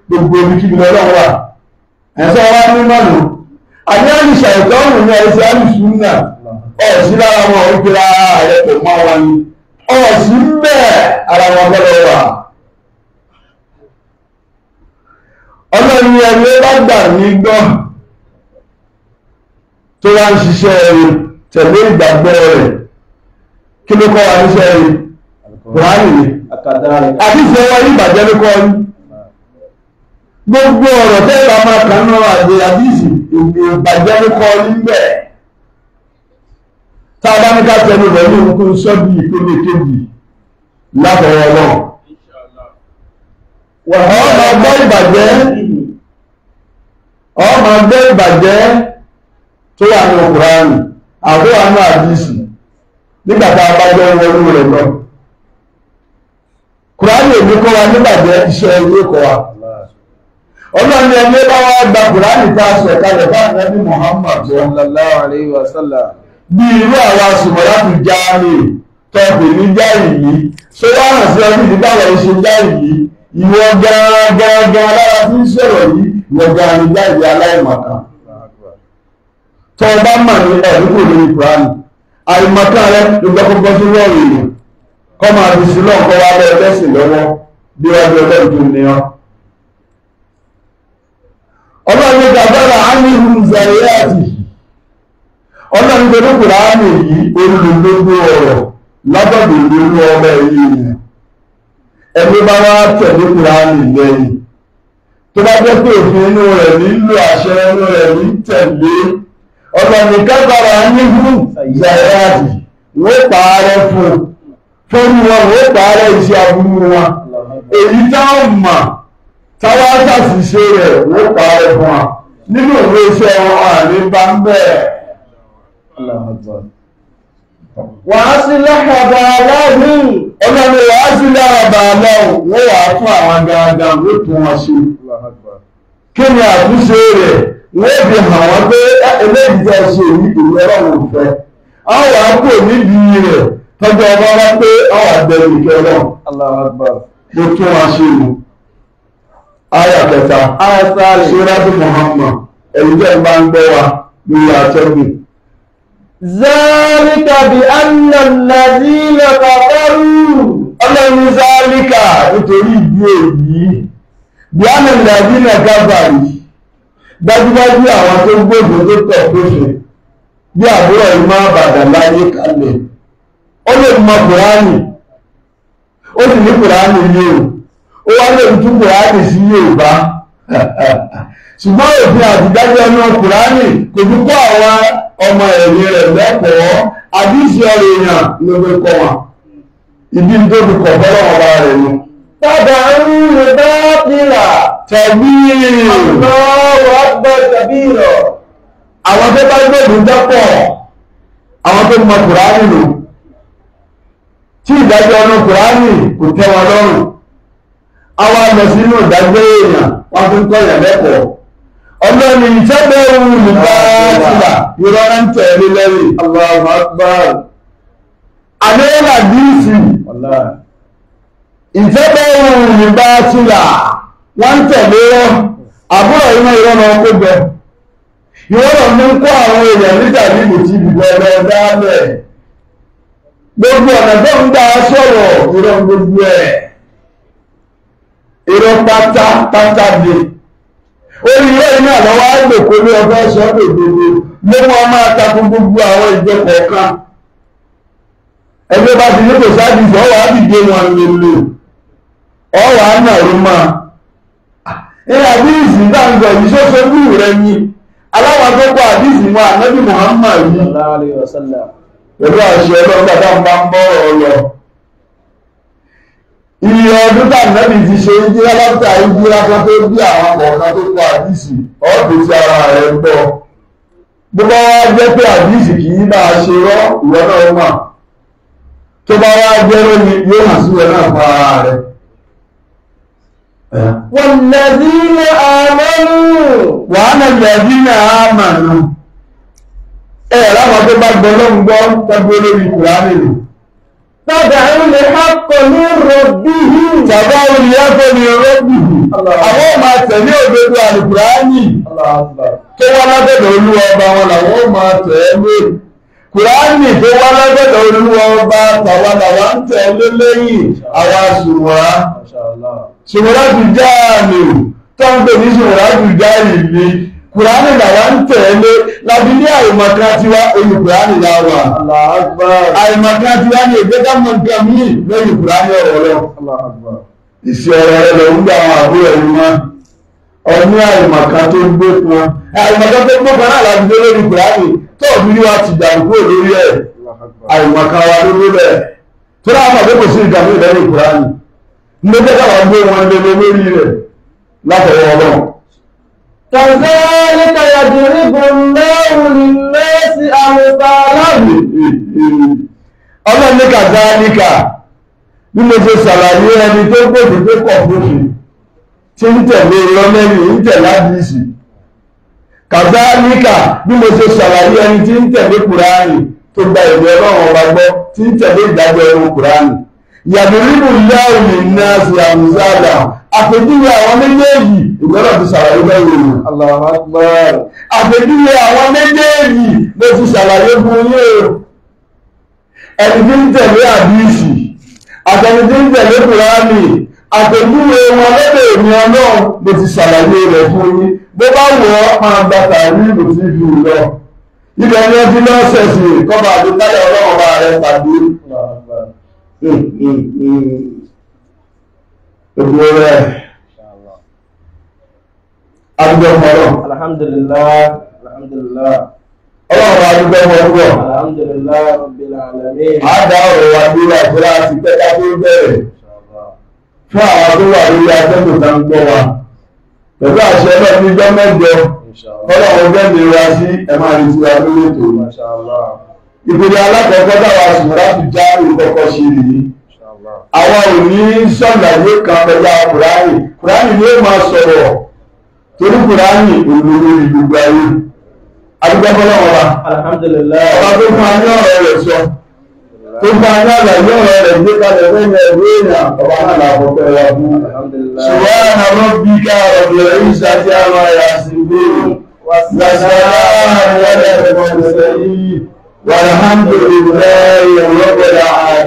gbogbo omi kíbi lọ́rọ̀ wà ẹ̀sọ́ wa ní mọ̀nà àbí àlùsà ìtọ́rùn ní ẹ̀sẹ̀ àlùsùn náà ọ̀sí lára wọn ò gbéra rẹ̀ pẹ̀lú àwọn ni ọ̀sí bẹ́ẹ̀ ara wọn bọ́ bá gbà mí gbọ́ tó wá ń ṣiṣẹ́ rẹ̀ tẹ̀lé ìgbàgbọ́ rẹ̀ kí ló kọ́ wa níṣẹ́ rẹ̀ buhari rẹ̀ àti ìṣẹ́wọ́ ìbàjẹ́ ló kọ́ rí gbogbo ọ̀rọ̀ tẹ́lá máa kàn náà àti àdìsí ìbàjẹ́ ló kọ́ rí bẹ́ẹ̀ tá a bá ní ká tẹnu rẹ̀ ní nǹkan sọ́bì ìpele kejì látọ̀wọ́ náà wàhálà gbọ́ ìbàjẹ́ ọmọ gbé ìbàjẹ́ tó wà ní Kùránì àbó àánú àdìsí nígbà tá a bá jẹ́ wọlú rẹ̀ lọ Kùránì èmi kọ́ wa níbàjẹ́ iṣẹ́ ilé kọ́ wa ọlọ́run ni ẹni bá wá gba Kùránì tá a sọ ẹ̀ka rẹ̀ bá Ànábì Muhammad sallallahu alaihi wa sallam bí irú àwa sùmọ̀lá tó já ní tọ́pẹ̀ ní jáì yìí ṣé wọ́n hàn sí ọdún ìdíbàwọ̀ ìṣe jáì yìí ìwọ gẹ́gẹ́gẹ́ lára tí ń yìí lọ́jọ́ anigbáyé aláìmọ̀kan tó ọba mà ní ẹ̀dúgbò lórí kùránì àìmọ̀kan rẹ lọ́gbọ́gbọ́ sí lọ́rùn èèyàn kọ́ máa fi sí lọ́kọ́ wa bẹ́ẹ̀ bẹ́sìn lọ́wọ́ bí wọ́n bí ọlọ́run tó ní ọ. ọlọ́run ló dàgbára ánìhù zàríyàtì ọlọ́run tó ní kùránì yìí olùdókòwò ọ̀rọ̀ lábàbò ìlú ọmọ ẹ̀yìn ẹni bá wá tẹ̀lé kùránì lẹ́yìn tó bá jẹ́ pé òfin inú rẹ̀ nílò àṣẹ inú rẹ̀ ní tẹ̀lé ọ̀nà nìkan bára níhú zayaadi wọ́n pààrẹ fún fún wọn wọ́n pààrẹ iṣẹ́ aburú wọn èyí táwọn mà táwọn aṣàṣìṣe rẹ̀ wọ́n pààrẹ fún wa nínú ìwé iṣẹ́ wọn àní bá ń bẹ̀rẹ̀. Wa àbà aláhùn ọlọ́ni wàásílẹ̀ àbà aláhùn wọ́n wà fún àwọn gàgà ló wọn ṣe kí ni àtúnṣe rẹ̀ wọ́n fi hàn wọ́n pé eléyìí ṣe èyí ìlú ọlọ́run fẹ́ àwọn àpò nídìí rẹ̀ tọ́jú ọba wá pé àwọn àgbẹ̀rù ìfẹ́ wọn ṣe mú. Muhammad zálíkà bí anna nàìjíríà kàfàrú ọlọ́run zálíkà nítorí ìdí èyí bí anna nàìjíríà kàfàrú dájúdájú àwọn tó gbogbo tó tọ̀ pèsè bí àbúrò ìmọ̀ àbàdà láyé kalẹ̀ ó lè mọ kùránì ó sì ní kùránì ilé o ó wá lè tún kùránì sí Yorùbá [laughs] ṣùgbọ́n òfin àtidájọ́ náà kùránì kò tún kọ́ àwọn ọmọ ẹ̀mí rẹ̀ lẹ́kọ̀ọ́ àdíṣe ọ̀rọ̀ èèyàn ló fi kọ́ wọn ìdí tó fi kọ̀ bọ́lá ọba rẹ̀ nu. Tábà ń lè bá pìlà. Tàbí àgbọ̀wọ́ àgbọ̀ tàbí ìrọ̀. Àwọn tó bá gbé ìlú dẹ́pọ̀, àwọn tó mọ Kùránì nù. Tí ìdájọ́ ọdún Kùránì kò tẹ́ wọn lọ́rùn. Àwọn àgbẹ̀ sínú ìdájọ́ èèyàn wọ́n fi ń kọ́ ìyàn lẹ́kọ̀ọ́ ọmọ mi ìjẹ́bẹ̀ ohun olùbáàtìlà ìrọ̀rẹ́ ń tẹ̀lé lẹ́rì Allahu Akbar àdéhùnà bíìsì ìjẹ́bẹ̀ ohun olùbáàtìlà wọ́n tẹ̀lé wọn àbúrò iná ìrọ̀rọ̀ ọkọ̀ bẹ ìrọ̀rọ̀ mú kó àwọn èèyàn nígbà níbi tí ìbùgbọ̀ ọ̀rọ̀ dáálẹ̀ gbogbo ọ̀nà tó ń gbà sọ̀rọ̀ ìrọ̀ gbogbo ẹ̀ ìrọ̀ pátápátá bíi orílẹ̀ náà lọ́wọ́ àgbèkó ní ọgbẹ́ sọ́dọ̀ gbogbo ló wọ́n máa takú gbogbo àwọn ìjọ kọ̀ọ̀kan ẹgbẹ́ bá ti ní kò sáàdìsì ọwọ́ àdìgbé wọn lòlò ọwọ́ ànàrú máa ní àdìsì dáńgọ̀ yìí sọ́sọ́gbù rẹ ni aláwọ̀ tó kọ wọn ànábì yìí àṣẹ bá ń iye ọdún tàbí ti ṣe ìjírá lọ́pítà ìjírá kan tó bí àwọn ọ̀kan tó kọ àdìsí ọ̀dọ̀ tí ara rẹ̀ ń bọ̀ bó bá wá jẹ́ pé àdìsí kì í máa ṣe rọ́ ìwọ náà mà tó bá wá jẹ́ lónìí yóò hàn sí ìwọ náà fún ara rẹ̀. والذين آمنوا وأنا الذين آمنوا ẹ̀ láwọn tó bá gbọ́ lọ́gbọ́ tọ́gbó lórí kùránì nìyí. Tàbí lè hákọ̀ ní rọ̀bíhì. Tàbá olè hákọ̀ ní rọ̀bíhì. Àwọn máa tẹ̀lé òdodo àlùkùránì. Tó wá lábẹ́dẹ̀ olúwa ọba wọn làwọn máa tẹ̀lé. Kùránì tó wá lábẹ́dẹ̀ olúwa ọba tàwa làwa ń tẹ̀lé lẹ́yìn àwa sùnwá. Sùnwá jù jáàmì. Tọ́ ń pè ní sùnwá jù jáàmì ni kùránì làwa ń tẹ̀lé láti ní àìmọ̀kan tiwa oyè kùránì la wà àìmọ̀kan tiwa ní ìgbẹ́dàmọ̀ nǹkan míì lóyè kùránì ọ̀rọ̀ lọ ìṣẹ́ ọ̀rọ̀ rẹ lọ ń gba àwọn àbúrò ẹ̀yìn mọ́ ọdún àìmọ̀kan tó ń gbé kan àìmọ̀kan tó ń gbé kan náà láti dé lórí kùránì tó òbí ni wàá ti dàgbò lórí ẹ̀ àìmọ̀kan wa ló ló bẹ̀ tó náà wà kò sí ìdàgbò ìdàgbò kùránì ń كذلك يضرب الله للناس أمثالهم ọlọ́run ní kàzáníkà bí mo ṣe ṣàlàyé ẹni tó gbòdì ń kàzáníkà bí mo ṣe ṣàlàyé ẹni tí ń tẹ̀lé kùránì tó gba ìwé ọlọ́run ọba gbọ́ tí ń tẹ̀lé ìdájọ́ ẹ̀rọ kùránì yàtọ̀ nínú ìyá àpèjúwe àwọn méjèèjì ìgbọ́dọ̀ ti ṣàlàyé bẹ́ẹ̀ o. Allahu Akbar. àpèjúwe àwọn méjèèjì ló ti ṣàlàyé fún yín o. ẹni tí ń tẹ̀lé àdìsí àtẹni tí ń tẹ̀lé kùránì àpèjúwe wọn lọ́dọ̀ èmi ọlọ́run ló ti ṣàlàyé rẹ̀ fún yín bó bá wọ̀ ọ́ máa gba tàbí ìlú sí ìlú lọ. ibẹ̀ ni wọ́n ti lọ́ sẹ̀sìn kọ́ba àdókáyọ̀ ọlọ́run bá rẹ̀ pàdé gbogbo rẹ̀ adúgbò mọ́rọ̀ alhamdulillah alhamdulillah ọlọ́run adúgbò mọ́rọ̀ alhamdulillah rabbil alamin àdá ọ̀rọ̀ wa bí wà fúra sí tẹ́ka tó bẹ̀rẹ̀ fún àwọn tó wà lórí atẹ́gùn tá ń gbọ́ wa pẹ̀lú àṣẹ ọlọ́run níjọ́ mẹ́jọ ọlọ́run bẹ́ẹ̀ni wa sí ẹ̀má àrètí wa lórí ètò ìpínlẹ̀ alákọ̀ọ́kọ́ dáwà sùn láti já ìkọ̀kọ̀ ṣe nìyí àwa ò ní ṣàlàyé kan pẹ̀lú kùránì kùránì ni ó máa sọ̀rọ̀ torí kùránì olóró ni gbogbo ayé adúgbàkọ́lá ọba ọba tó fún ayé ọ̀rọ̀ rẹ̀ sọ tó fún ayé àlàyé ọ̀rọ̀ rẹ̀ gbé kalẹ̀ lẹ́yìn ẹ̀rọ èèyàn ọba náà làbọ̀ pẹ̀lú wa fún ṣùgbọ́n bí ká ọ̀dọ̀ a máa sí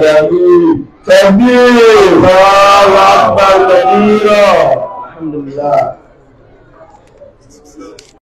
àwọn Tẹ̀bí ìrọ̀ àwọn agbára nílọ̀. Alhamdulillah.